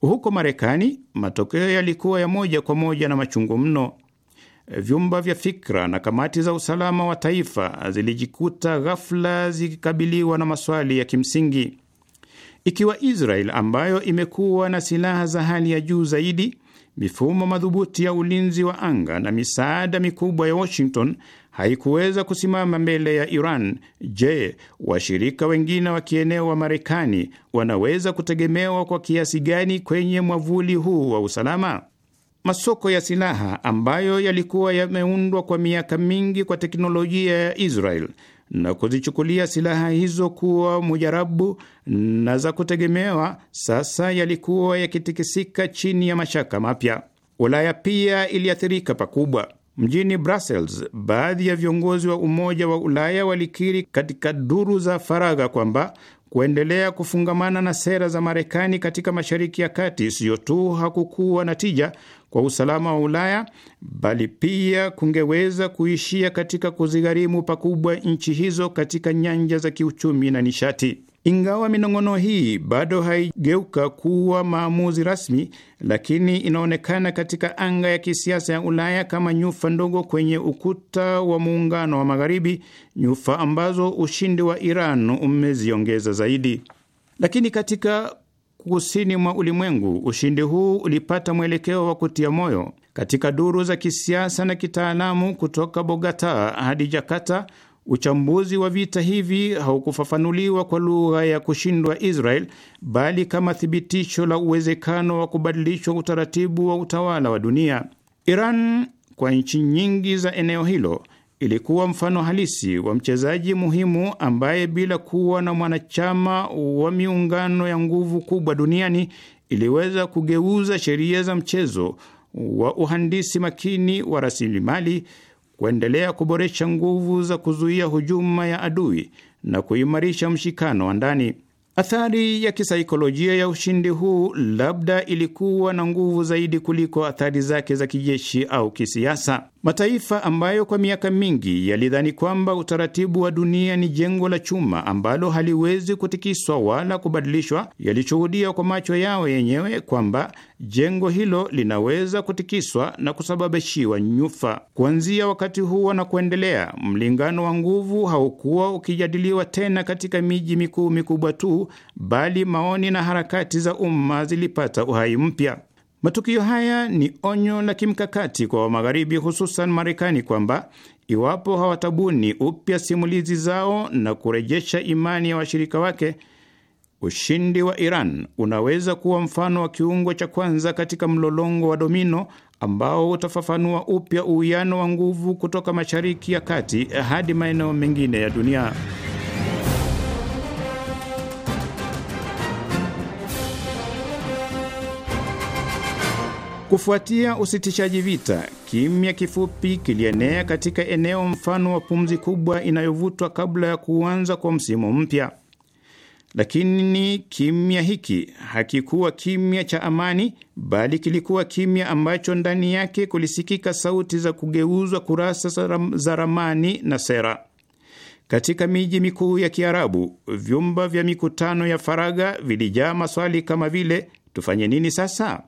[SPEAKER 1] Huko Marekani, matokeo yalikuwa ya moja kwa moja na machungu mno. Vyumba vya fikra na kamati za usalama wa taifa zilijikuta ghafla zikikabiliwa na maswali ya kimsingi. Ikiwa Israel ambayo imekuwa na silaha za hali ya juu zaidi, mifumo madhubuti ya ulinzi wa anga na misaada mikubwa ya Washington haikuweza kusimama mbele ya Iran, je, washirika wengine wa kieneo wa Marekani wanaweza kutegemewa kwa kiasi gani kwenye mwavuli huu wa usalama? Masoko ya silaha ambayo yalikuwa yameundwa kwa miaka mingi kwa teknolojia ya Israel na kuzichukulia silaha hizo kuwa mujarabu na za kutegemewa, sasa yalikuwa yakitikisika chini ya mashaka mapya. Ulaya pia iliathirika pakubwa. Mjini Brussels, baadhi ya viongozi wa Umoja wa Ulaya walikiri katika duru za faragha kwamba kuendelea kufungamana na sera za Marekani katika Mashariki ya Kati siyo tu hakukuwa na tija, kwa usalama wa Ulaya, bali pia kungeweza kuishia katika kuzigharimu pakubwa nchi hizo katika nyanja za kiuchumi na nishati. Ingawa minong'ono hii bado haigeuka kuwa maamuzi rasmi, lakini inaonekana katika anga ya kisiasa ya Ulaya kama nyufa ndogo kwenye ukuta wa muungano wa Magharibi, nyufa ambazo ushindi wa Iran umeziongeza zaidi. Lakini katika kusini mwa ulimwengu. Ushindi huu ulipata mwelekeo wa kutia moyo katika duru za kisiasa na kitaalamu kutoka Bogota hadi Jakarta. Uchambuzi wa vita hivi haukufafanuliwa kwa lugha ya kushindwa Israel, bali kama thibitisho la uwezekano wa kubadilishwa utaratibu wa utawala wa dunia. Iran kwa nchi nyingi za eneo hilo ilikuwa mfano halisi wa mchezaji muhimu ambaye bila kuwa na mwanachama wa miungano ya nguvu kubwa duniani iliweza kugeuza sheria za mchezo wa uhandisi makini wa rasilimali, kuendelea kuboresha nguvu za kuzuia hujuma ya adui na kuimarisha mshikano wa ndani. Athari ya kisaikolojia ya ushindi huu labda ilikuwa na nguvu zaidi kuliko athari zake za kijeshi au kisiasa. Mataifa ambayo kwa miaka mingi yalidhani kwamba utaratibu wa dunia ni jengo la chuma ambalo haliwezi kutikiswa wala kubadilishwa, yalishuhudia kwa macho yao yenyewe kwamba jengo hilo linaweza kutikiswa na kusababishiwa nyufa. Kuanzia wakati huo na kuendelea, mlingano wa nguvu haukuwa ukijadiliwa tena katika miji mikuu mikubwa tu, bali maoni na harakati za umma zilipata uhai mpya. Matukio haya ni onyo la kimkakati kwa Wamagharibi, hususan Marekani, kwamba iwapo hawatabuni upya simulizi zao na kurejesha imani ya wa washirika wake, ushindi wa Iran unaweza kuwa mfano wa kiungo cha kwanza katika mlolongo wa domino ambao utafafanua upya uwiano wa nguvu kutoka Mashariki ya Kati hadi maeneo mengine ya dunia. Kufuatia usitishaji vita, kimya kifupi kilienea katika eneo, mfano wa pumzi kubwa inayovutwa kabla ya kuanza kwa msimu mpya. Lakini kimya hiki hakikuwa kimya cha amani, bali kilikuwa kimya ambacho ndani yake kulisikika sauti za kugeuzwa kurasa za ramani na sera. Katika miji mikuu ya Kiarabu, vyumba vya mikutano ya faragha vilijaa maswali kama vile tufanye nini sasa?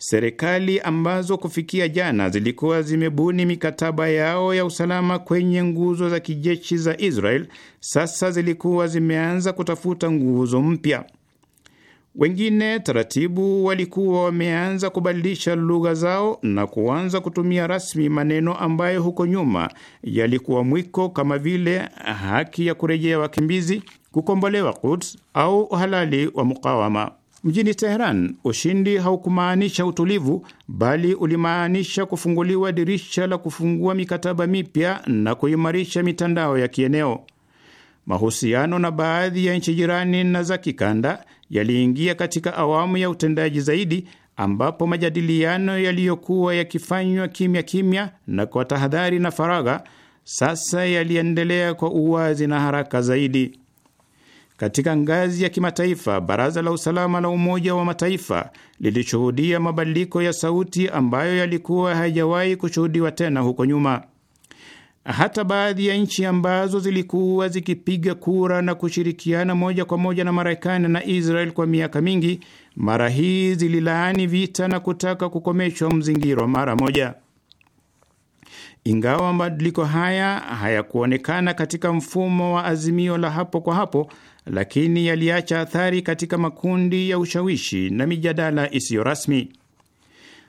[SPEAKER 1] serikali ambazo kufikia jana zilikuwa zimebuni mikataba yao ya usalama kwenye nguzo za kijeshi za Israel sasa zilikuwa zimeanza kutafuta nguzo mpya. Wengine taratibu walikuwa wameanza kubadilisha lugha zao na kuanza kutumia rasmi maneno ambayo huko nyuma yalikuwa mwiko, kama vile haki ya kurejea wakimbizi, kukombolewa Quds au uhalali wa mukawama. Mjini Teheran, ushindi haukumaanisha utulivu, bali ulimaanisha kufunguliwa dirisha la kufungua mikataba mipya na kuimarisha mitandao ya kieneo. Mahusiano na baadhi ya nchi jirani na za kikanda yaliingia katika awamu ya utendaji zaidi, ambapo majadiliano yaliyokuwa yakifanywa kimya kimya na kwa tahadhari na faragha sasa yaliendelea kwa uwazi na haraka zaidi. Katika ngazi ya kimataifa, Baraza la Usalama la Umoja wa Mataifa lilishuhudia mabadiliko ya sauti ambayo yalikuwa hayajawahi kushuhudiwa tena huko nyuma. Hata baadhi ya nchi ambazo zilikuwa zikipiga kura na kushirikiana moja kwa moja na Marekani na Israel kwa miaka mingi, mara hii zililaani vita na kutaka kukomeshwa mzingiro mara moja. Ingawa mabadiliko haya hayakuonekana katika mfumo wa azimio la hapo kwa hapo, lakini yaliacha athari katika makundi ya ushawishi na mijadala isiyo rasmi.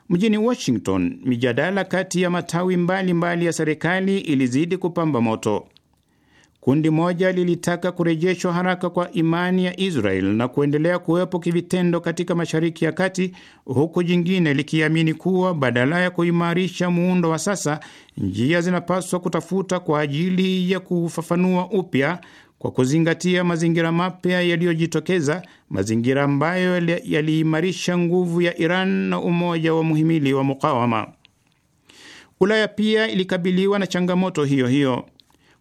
[SPEAKER 1] Mjini Washington, mijadala kati ya matawi mbalimbali mbali ya serikali ilizidi kupamba moto. Kundi moja lilitaka kurejeshwa haraka kwa imani ya Israel na kuendelea kuwepo kivitendo katika Mashariki ya Kati, huku jingine likiamini kuwa badala ya kuimarisha muundo wa sasa, njia zinapaswa kutafuta kwa ajili ya kuufafanua upya kwa kuzingatia mazingira mapya yaliyojitokeza, mazingira ambayo yaliimarisha nguvu ya Iran na umoja wa muhimili wa mukawama. Ulaya pia ilikabiliwa na changamoto hiyo hiyo.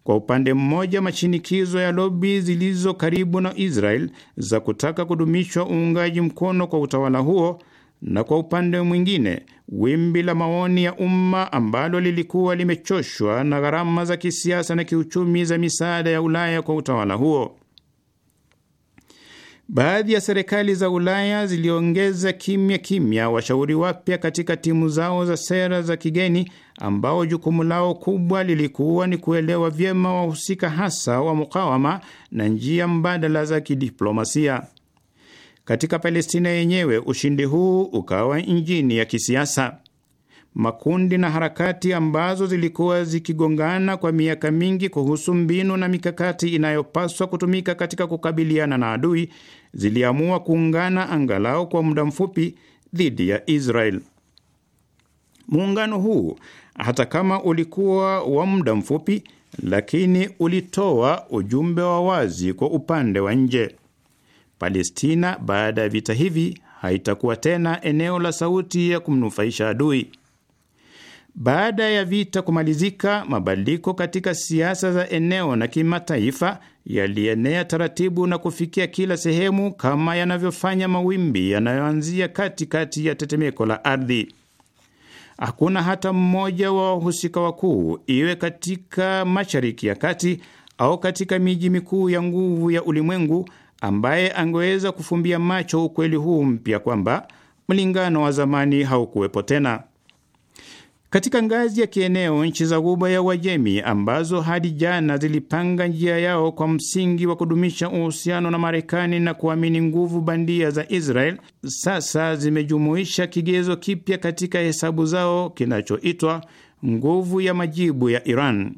[SPEAKER 1] Kwa upande mmoja, mashinikizo ya lobi zilizo karibu na Israel za kutaka kudumishwa uungaji mkono kwa utawala huo na kwa upande mwingine wimbi la maoni ya umma ambalo lilikuwa limechoshwa na gharama za kisiasa na kiuchumi za misaada ya Ulaya kwa utawala huo. Baadhi ya serikali za Ulaya ziliongeza kimya kimya washauri wapya katika timu zao za sera za kigeni ambao jukumu lao kubwa lilikuwa ni kuelewa vyema wahusika hasa wa mukawama na njia mbadala za kidiplomasia. Katika Palestina yenyewe, ushindi huu ukawa injini ya kisiasa. Makundi na harakati ambazo zilikuwa zikigongana kwa miaka mingi kuhusu mbinu na mikakati inayopaswa kutumika katika kukabiliana na adui ziliamua kuungana angalau kwa muda mfupi dhidi ya Israel. Muungano huu hata kama ulikuwa wa muda mfupi, lakini ulitoa ujumbe wa wazi kwa upande wa nje. Palestina baada ya vita hivi haitakuwa tena eneo la sauti ya kumnufaisha adui. Baada ya vita kumalizika, mabadiliko katika siasa za eneo na kimataifa yalienea taratibu na kufikia kila sehemu, kama yanavyofanya mawimbi yanayoanzia katikati ya tetemeko la ardhi. Hakuna hata mmoja wa wahusika wakuu, iwe katika Mashariki ya Kati au katika miji mikuu ya nguvu ya ulimwengu, ambaye angeweza kufumbia macho ukweli huu mpya kwamba mlingano wa zamani haukuwepo tena. Katika ngazi ya kieneo, nchi za Ghuba ya Uajemi ambazo hadi jana zilipanga njia yao kwa msingi wa kudumisha uhusiano na Marekani na kuamini nguvu bandia za Israel, sasa zimejumuisha kigezo kipya katika hesabu zao kinachoitwa nguvu ya majibu ya Iran.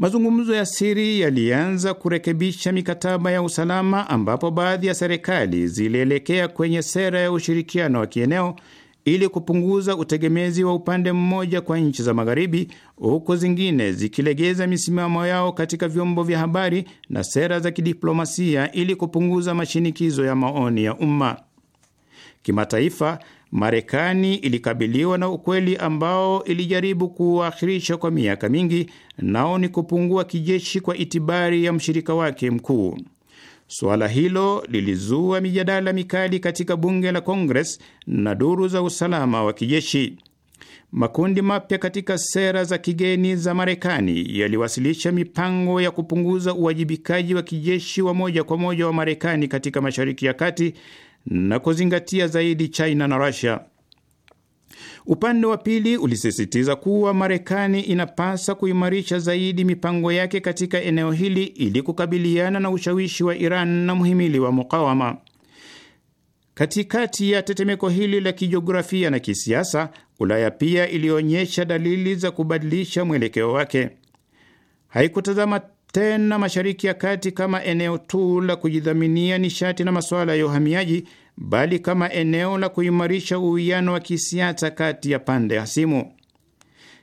[SPEAKER 1] Mazungumzo ya siri yalianza kurekebisha mikataba ya usalama, ambapo baadhi ya serikali zilielekea kwenye sera ya ushirikiano wa kieneo ili kupunguza utegemezi wa upande mmoja kwa nchi za Magharibi, huku zingine zikilegeza misimamo yao katika vyombo vya habari na sera za kidiplomasia ili kupunguza mashinikizo ya maoni ya umma kimataifa. Marekani ilikabiliwa na ukweli ambao ilijaribu kuakhirisha kwa miaka mingi, nao ni kupungua kijeshi kwa itibari ya mshirika wake mkuu. Suala hilo lilizua mijadala mikali katika bunge la Congress na duru za usalama wa kijeshi. Makundi mapya katika sera za kigeni za Marekani yaliwasilisha mipango ya kupunguza uwajibikaji wa kijeshi wa moja kwa moja wa Marekani katika Mashariki ya Kati na kuzingatia zaidi China na Rusia. Upande wa pili ulisisitiza kuwa Marekani inapasa kuimarisha zaidi mipango yake katika eneo hili ili kukabiliana na ushawishi wa Iran na mhimili wa mukawama. Katikati ya tetemeko hili la kijiografia na kisiasa, Ulaya pia ilionyesha dalili za kubadilisha mwelekeo wake. Haikutazama tena Mashariki ya Kati kama eneo tu la kujidhaminia nishati na masuala ya uhamiaji, bali kama eneo la kuimarisha uwiano wa kisiasa kati ya pande hasimu.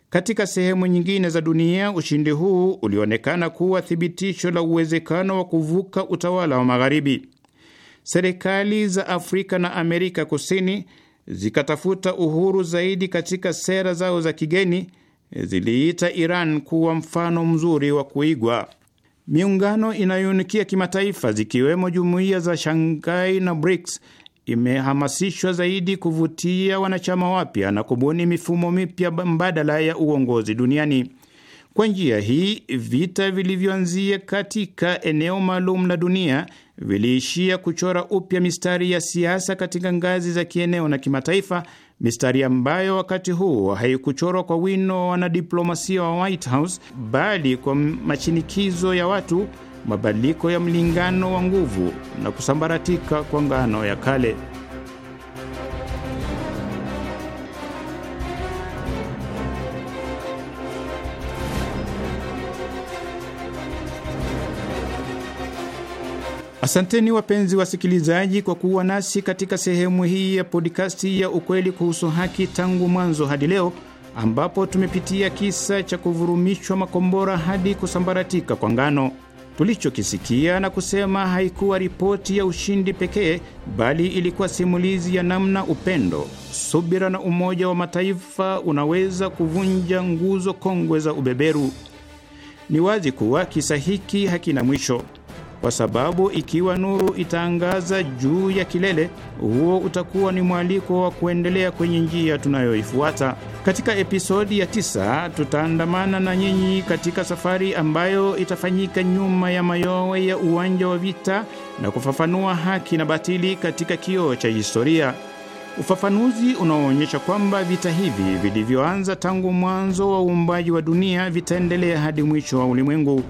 [SPEAKER 1] Katika sehemu nyingine za dunia, ushindi huu ulionekana kuwa thibitisho la uwezekano wa kuvuka utawala wa Magharibi. Serikali za Afrika na Amerika Kusini zikatafuta uhuru zaidi katika sera zao za kigeni. Ziliita Iran kuwa mfano mzuri wa kuigwa. Miungano inayoonekia kimataifa zikiwemo jumuiya za Shanghai na BRICS imehamasishwa zaidi kuvutia wanachama wapya na kubuni mifumo mipya mbadala ya uongozi duniani. Kwa njia hii, vita vilivyoanzia katika eneo maalum la dunia viliishia kuchora upya mistari ya siasa katika ngazi za kieneo na kimataifa mistari ambayo wakati huu haikuchorwa kwa wino wa wanadiplomasia wa White House bali kwa mashinikizo ya watu, mabadiliko ya mlingano wa nguvu na kusambaratika kwa ngano ya kale. Asanteni wapenzi wasikilizaji, kwa kuwa nasi katika sehemu hii ya podikasti ya ukweli kuhusu haki, tangu mwanzo hadi leo, ambapo tumepitia kisa cha kuvurumishwa makombora hadi kusambaratika kwa ngano. Tulichokisikia na kusema haikuwa ripoti ya ushindi pekee, bali ilikuwa simulizi ya namna upendo, subira na umoja wa mataifa unaweza kuvunja nguzo kongwe za ubeberu. Ni wazi kuwa kisa hiki hakina mwisho kwa sababu ikiwa nuru itaangaza juu ya kilele, huo utakuwa ni mwaliko wa kuendelea kwenye njia tunayoifuata. Katika episodi ya tisa tutaandamana na nyinyi katika safari ambayo itafanyika nyuma ya mayowe ya uwanja wa vita na kufafanua haki na batili katika kioo cha historia. Ufafanuzi unaoonyesha kwamba vita hivi vilivyoanza tangu mwanzo wa uumbaji wa dunia vitaendelea hadi mwisho wa ulimwengu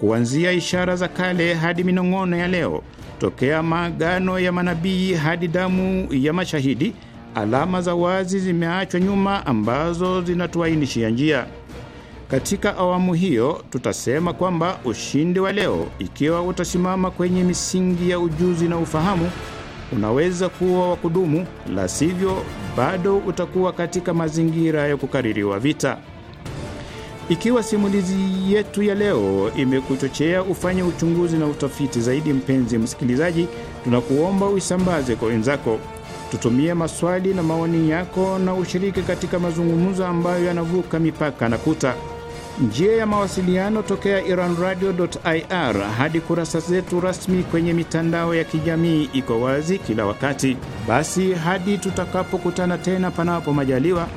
[SPEAKER 1] kuanzia ishara za kale hadi minong'ono ya leo, tokea maagano ya manabii hadi damu ya mashahidi, alama za wazi zimeachwa nyuma ambazo zinatuainishia njia. Katika awamu hiyo tutasema kwamba ushindi wa leo, ikiwa utasimama kwenye misingi ya ujuzi na ufahamu, unaweza kuwa wa kudumu, la sivyo bado utakuwa katika mazingira ya kukaririwa vita. Ikiwa simulizi yetu ya leo imekuchochea ufanye uchunguzi na utafiti zaidi, mpenzi msikilizaji, tunakuomba uisambaze kwa wenzako, tutumie maswali na maoni yako na ushiriki katika mazungumzo ambayo yanavuka mipaka na kuta. Njia ya mawasiliano tokea iranradio.ir hadi kurasa zetu rasmi kwenye mitandao ya kijamii iko wazi kila wakati. Basi hadi tutakapokutana tena, panapo majaliwa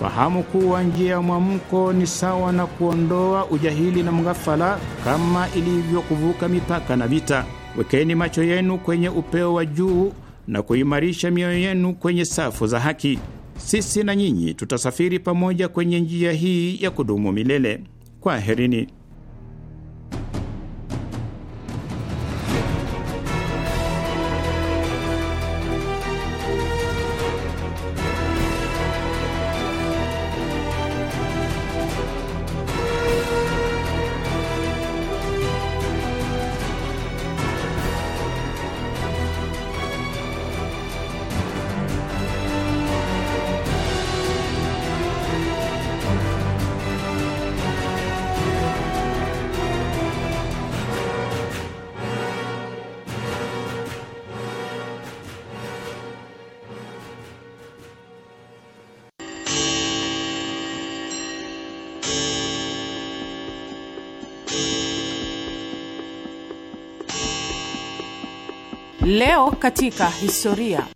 [SPEAKER 1] Fahamu kuwa njia ya mwamko ni sawa na kuondoa ujahili na mghafala, kama ilivyo kuvuka mipaka na vita. Wekeni macho yenu kwenye upeo wa juu na kuimarisha mioyo yenu kwenye safu za haki. Sisi na nyinyi tutasafiri pamoja kwenye njia hii ya kudumu milele. Kwaherini.
[SPEAKER 2] Leo katika historia.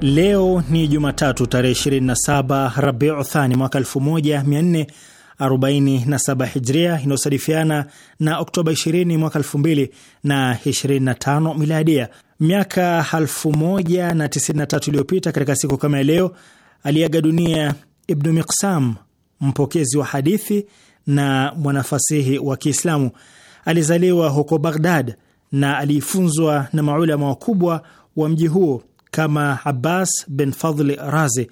[SPEAKER 4] Leo ni Jumatatu tarehe 27 Rabiu Thani mwaka 1447 Hijria, inayosadifiana na Oktoba 20 mwaka 2025 Miladia. Miaka 1093 iliyopita katika siku kama ya leo aliaga dunia Ibnu Miqsam, mpokezi wa hadithi na mwanafasihi wa Kiislamu. Alizaliwa huko Baghdad na aliifunzwa na maulama wakubwa wa mji huo kama Abbas bin Fadl Razi.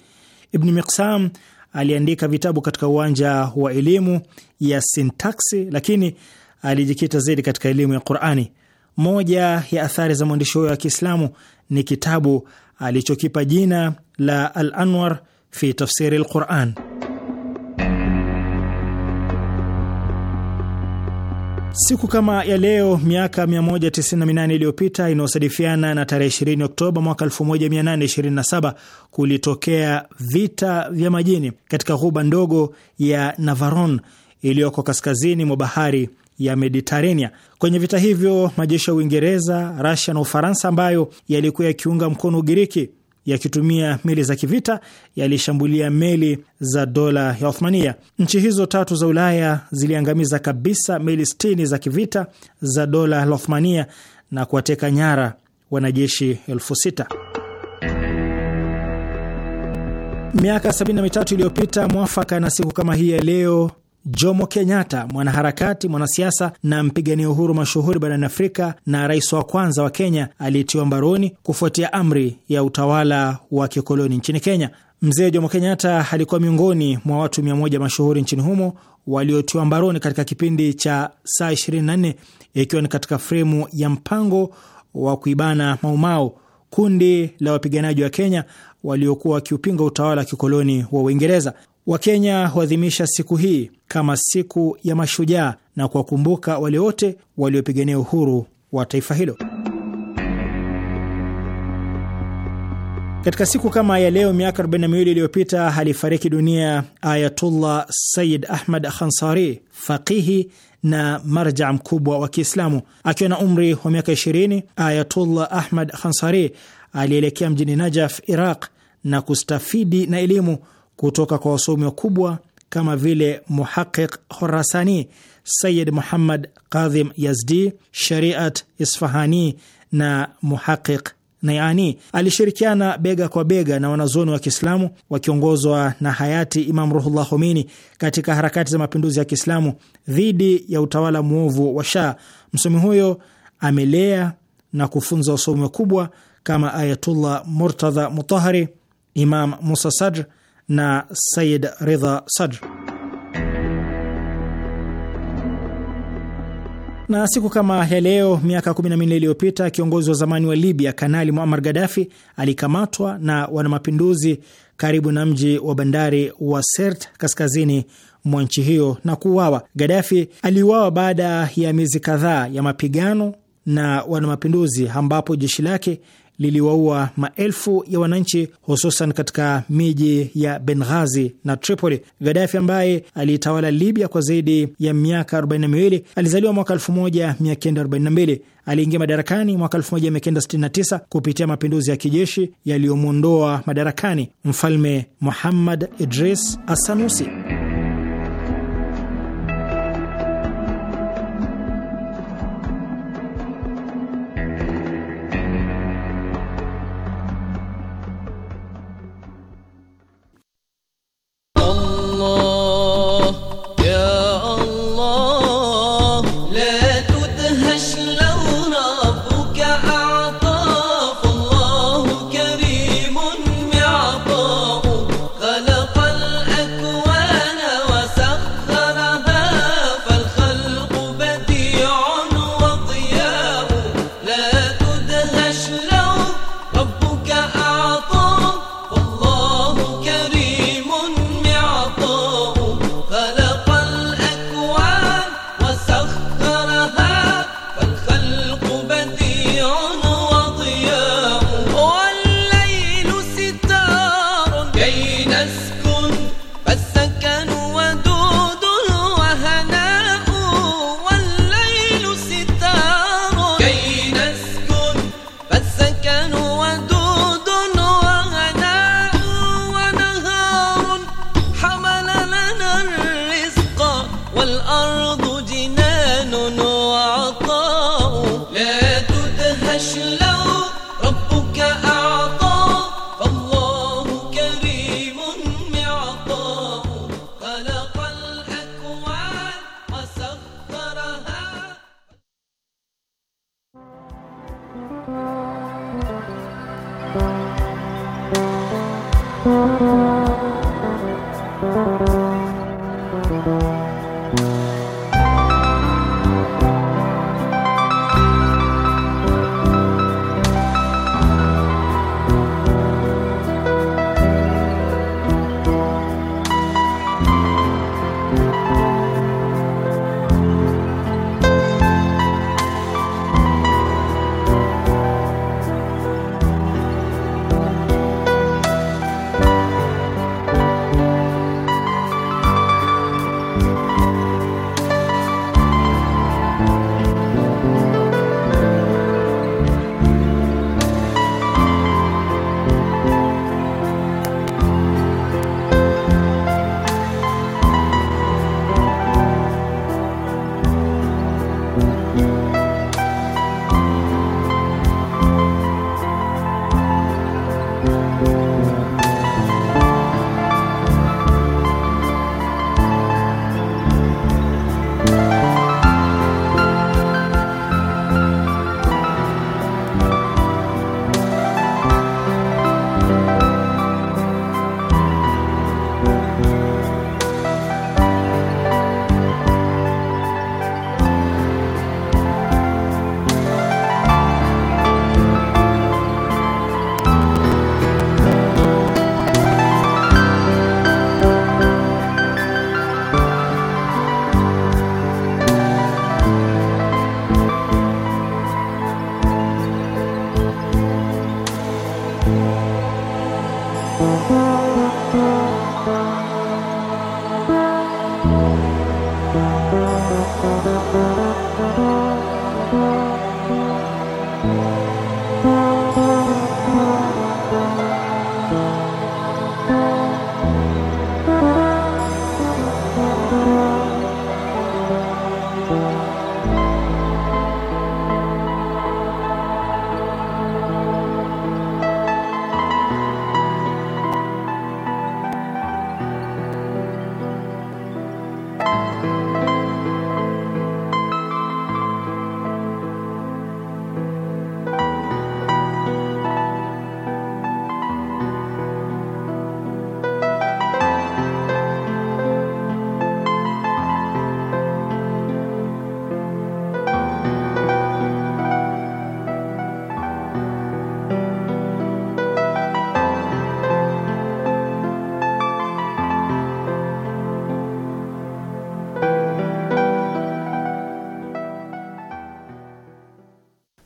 [SPEAKER 4] Ibn Miqsam aliandika vitabu katika uwanja wa elimu ya sintaksi, lakini alijikita zaidi katika elimu ya Qurani. Moja ya athari za mwandishi huyo wa Kiislamu ni kitabu alichokipa jina la Al Anwar fi tafsiri lquran. Siku kama ya leo miaka 198 iliyopita inayosadifiana na tarehe 20 Oktoba mwaka 1827 kulitokea vita vya majini katika ghuba ndogo ya Navaron iliyoko kaskazini mwa bahari ya Mediterania. Kwenye vita hivyo majeshi ya Uingereza, Rasia na Ufaransa ambayo yalikuwa yakiunga mkono Ugiriki yakitumia meli za kivita yalishambulia meli za dola ya Othmania. Nchi hizo tatu za Ulaya ziliangamiza kabisa meli sitini za kivita za dola la Othmania na kuwateka nyara wanajeshi elfu sita. Miaka 73 iliyopita mwafaka na siku kama hii ya leo Jomo Kenyatta, mwanaharakati, mwanasiasa na mpigania uhuru mashuhuri barani Afrika na rais wa kwanza wa Kenya aliyetiwa mbaroni kufuatia amri ya utawala wa kikoloni nchini Kenya. Mzee Jomo Kenyatta alikuwa miongoni mwa watu moja mashuhuri nchini humo waliotiwa mbaroni katika kipindi cha saa 24 ikiwa ni katika fremu ya mpango wa kuibana Maumau, kundi la wapiganaji wa Kenya waliokuwa wakiupinga utawala wa kikoloni wa Uingereza. Wakenya huadhimisha siku hii kama siku ya mashujaa na kuwakumbuka wale wote waliopigania uhuru wa taifa hilo. Katika siku kama ya leo miaka 42 iliyopita alifariki dunia Ayatullah sayid Ahmad Khansari, faqihi na marja mkubwa wa Kiislamu. Akiwa na umri wa miaka 20, Ayatullah Ahmad Khansari alielekea mjini Najaf, Iraq, na kustafidi na elimu kutoka kwa wasomi wakubwa kama vile Muhaqiq Horasani, Sayid Muhammad Kadhim Yazdi, Shariat Isfahani na Muhaqiq Naiani. Alishirikiana bega kwa bega na wanazuoni wa Kiislamu wakiongozwa na hayati Imam Ruhullah Khomeini katika harakati za mapinduzi ya Kiislamu dhidi ya utawala mwovu wa Shah. Msomi huyo amelea na kufunza wasomi wakubwa kama Ayatullah Murtadha Mutahari, Imam Musa Sadr na Said Ridha Sadr. Na siku kama ya leo miaka 14 iliyopita kiongozi wa zamani wa Libya Kanali Muammar Gaddafi alikamatwa na wanamapinduzi karibu na mji wa bandari wa Sirte kaskazini mwa nchi hiyo na kuuawa. Gaddafi aliuawa baada ya miezi kadhaa ya mapigano na wanamapinduzi ambapo jeshi lake liliwaua maelfu ya wananchi hususan katika miji ya Benghazi na Tripoli. Gadafi ambaye aliitawala Libya kwa zaidi ya miaka 42 alizaliwa mwaka 1942. Aliingia madarakani mwaka 1969 kupitia mapinduzi ya kijeshi yaliyomwondoa madarakani mfalme Muhammad Idris Asanusi.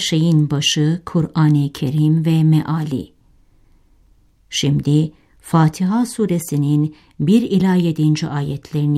[SPEAKER 2] şeyin başı Kur'an-ı Kerim ve meali. Şimdi Fatiha suresinin 1 ila 7. ayetlerini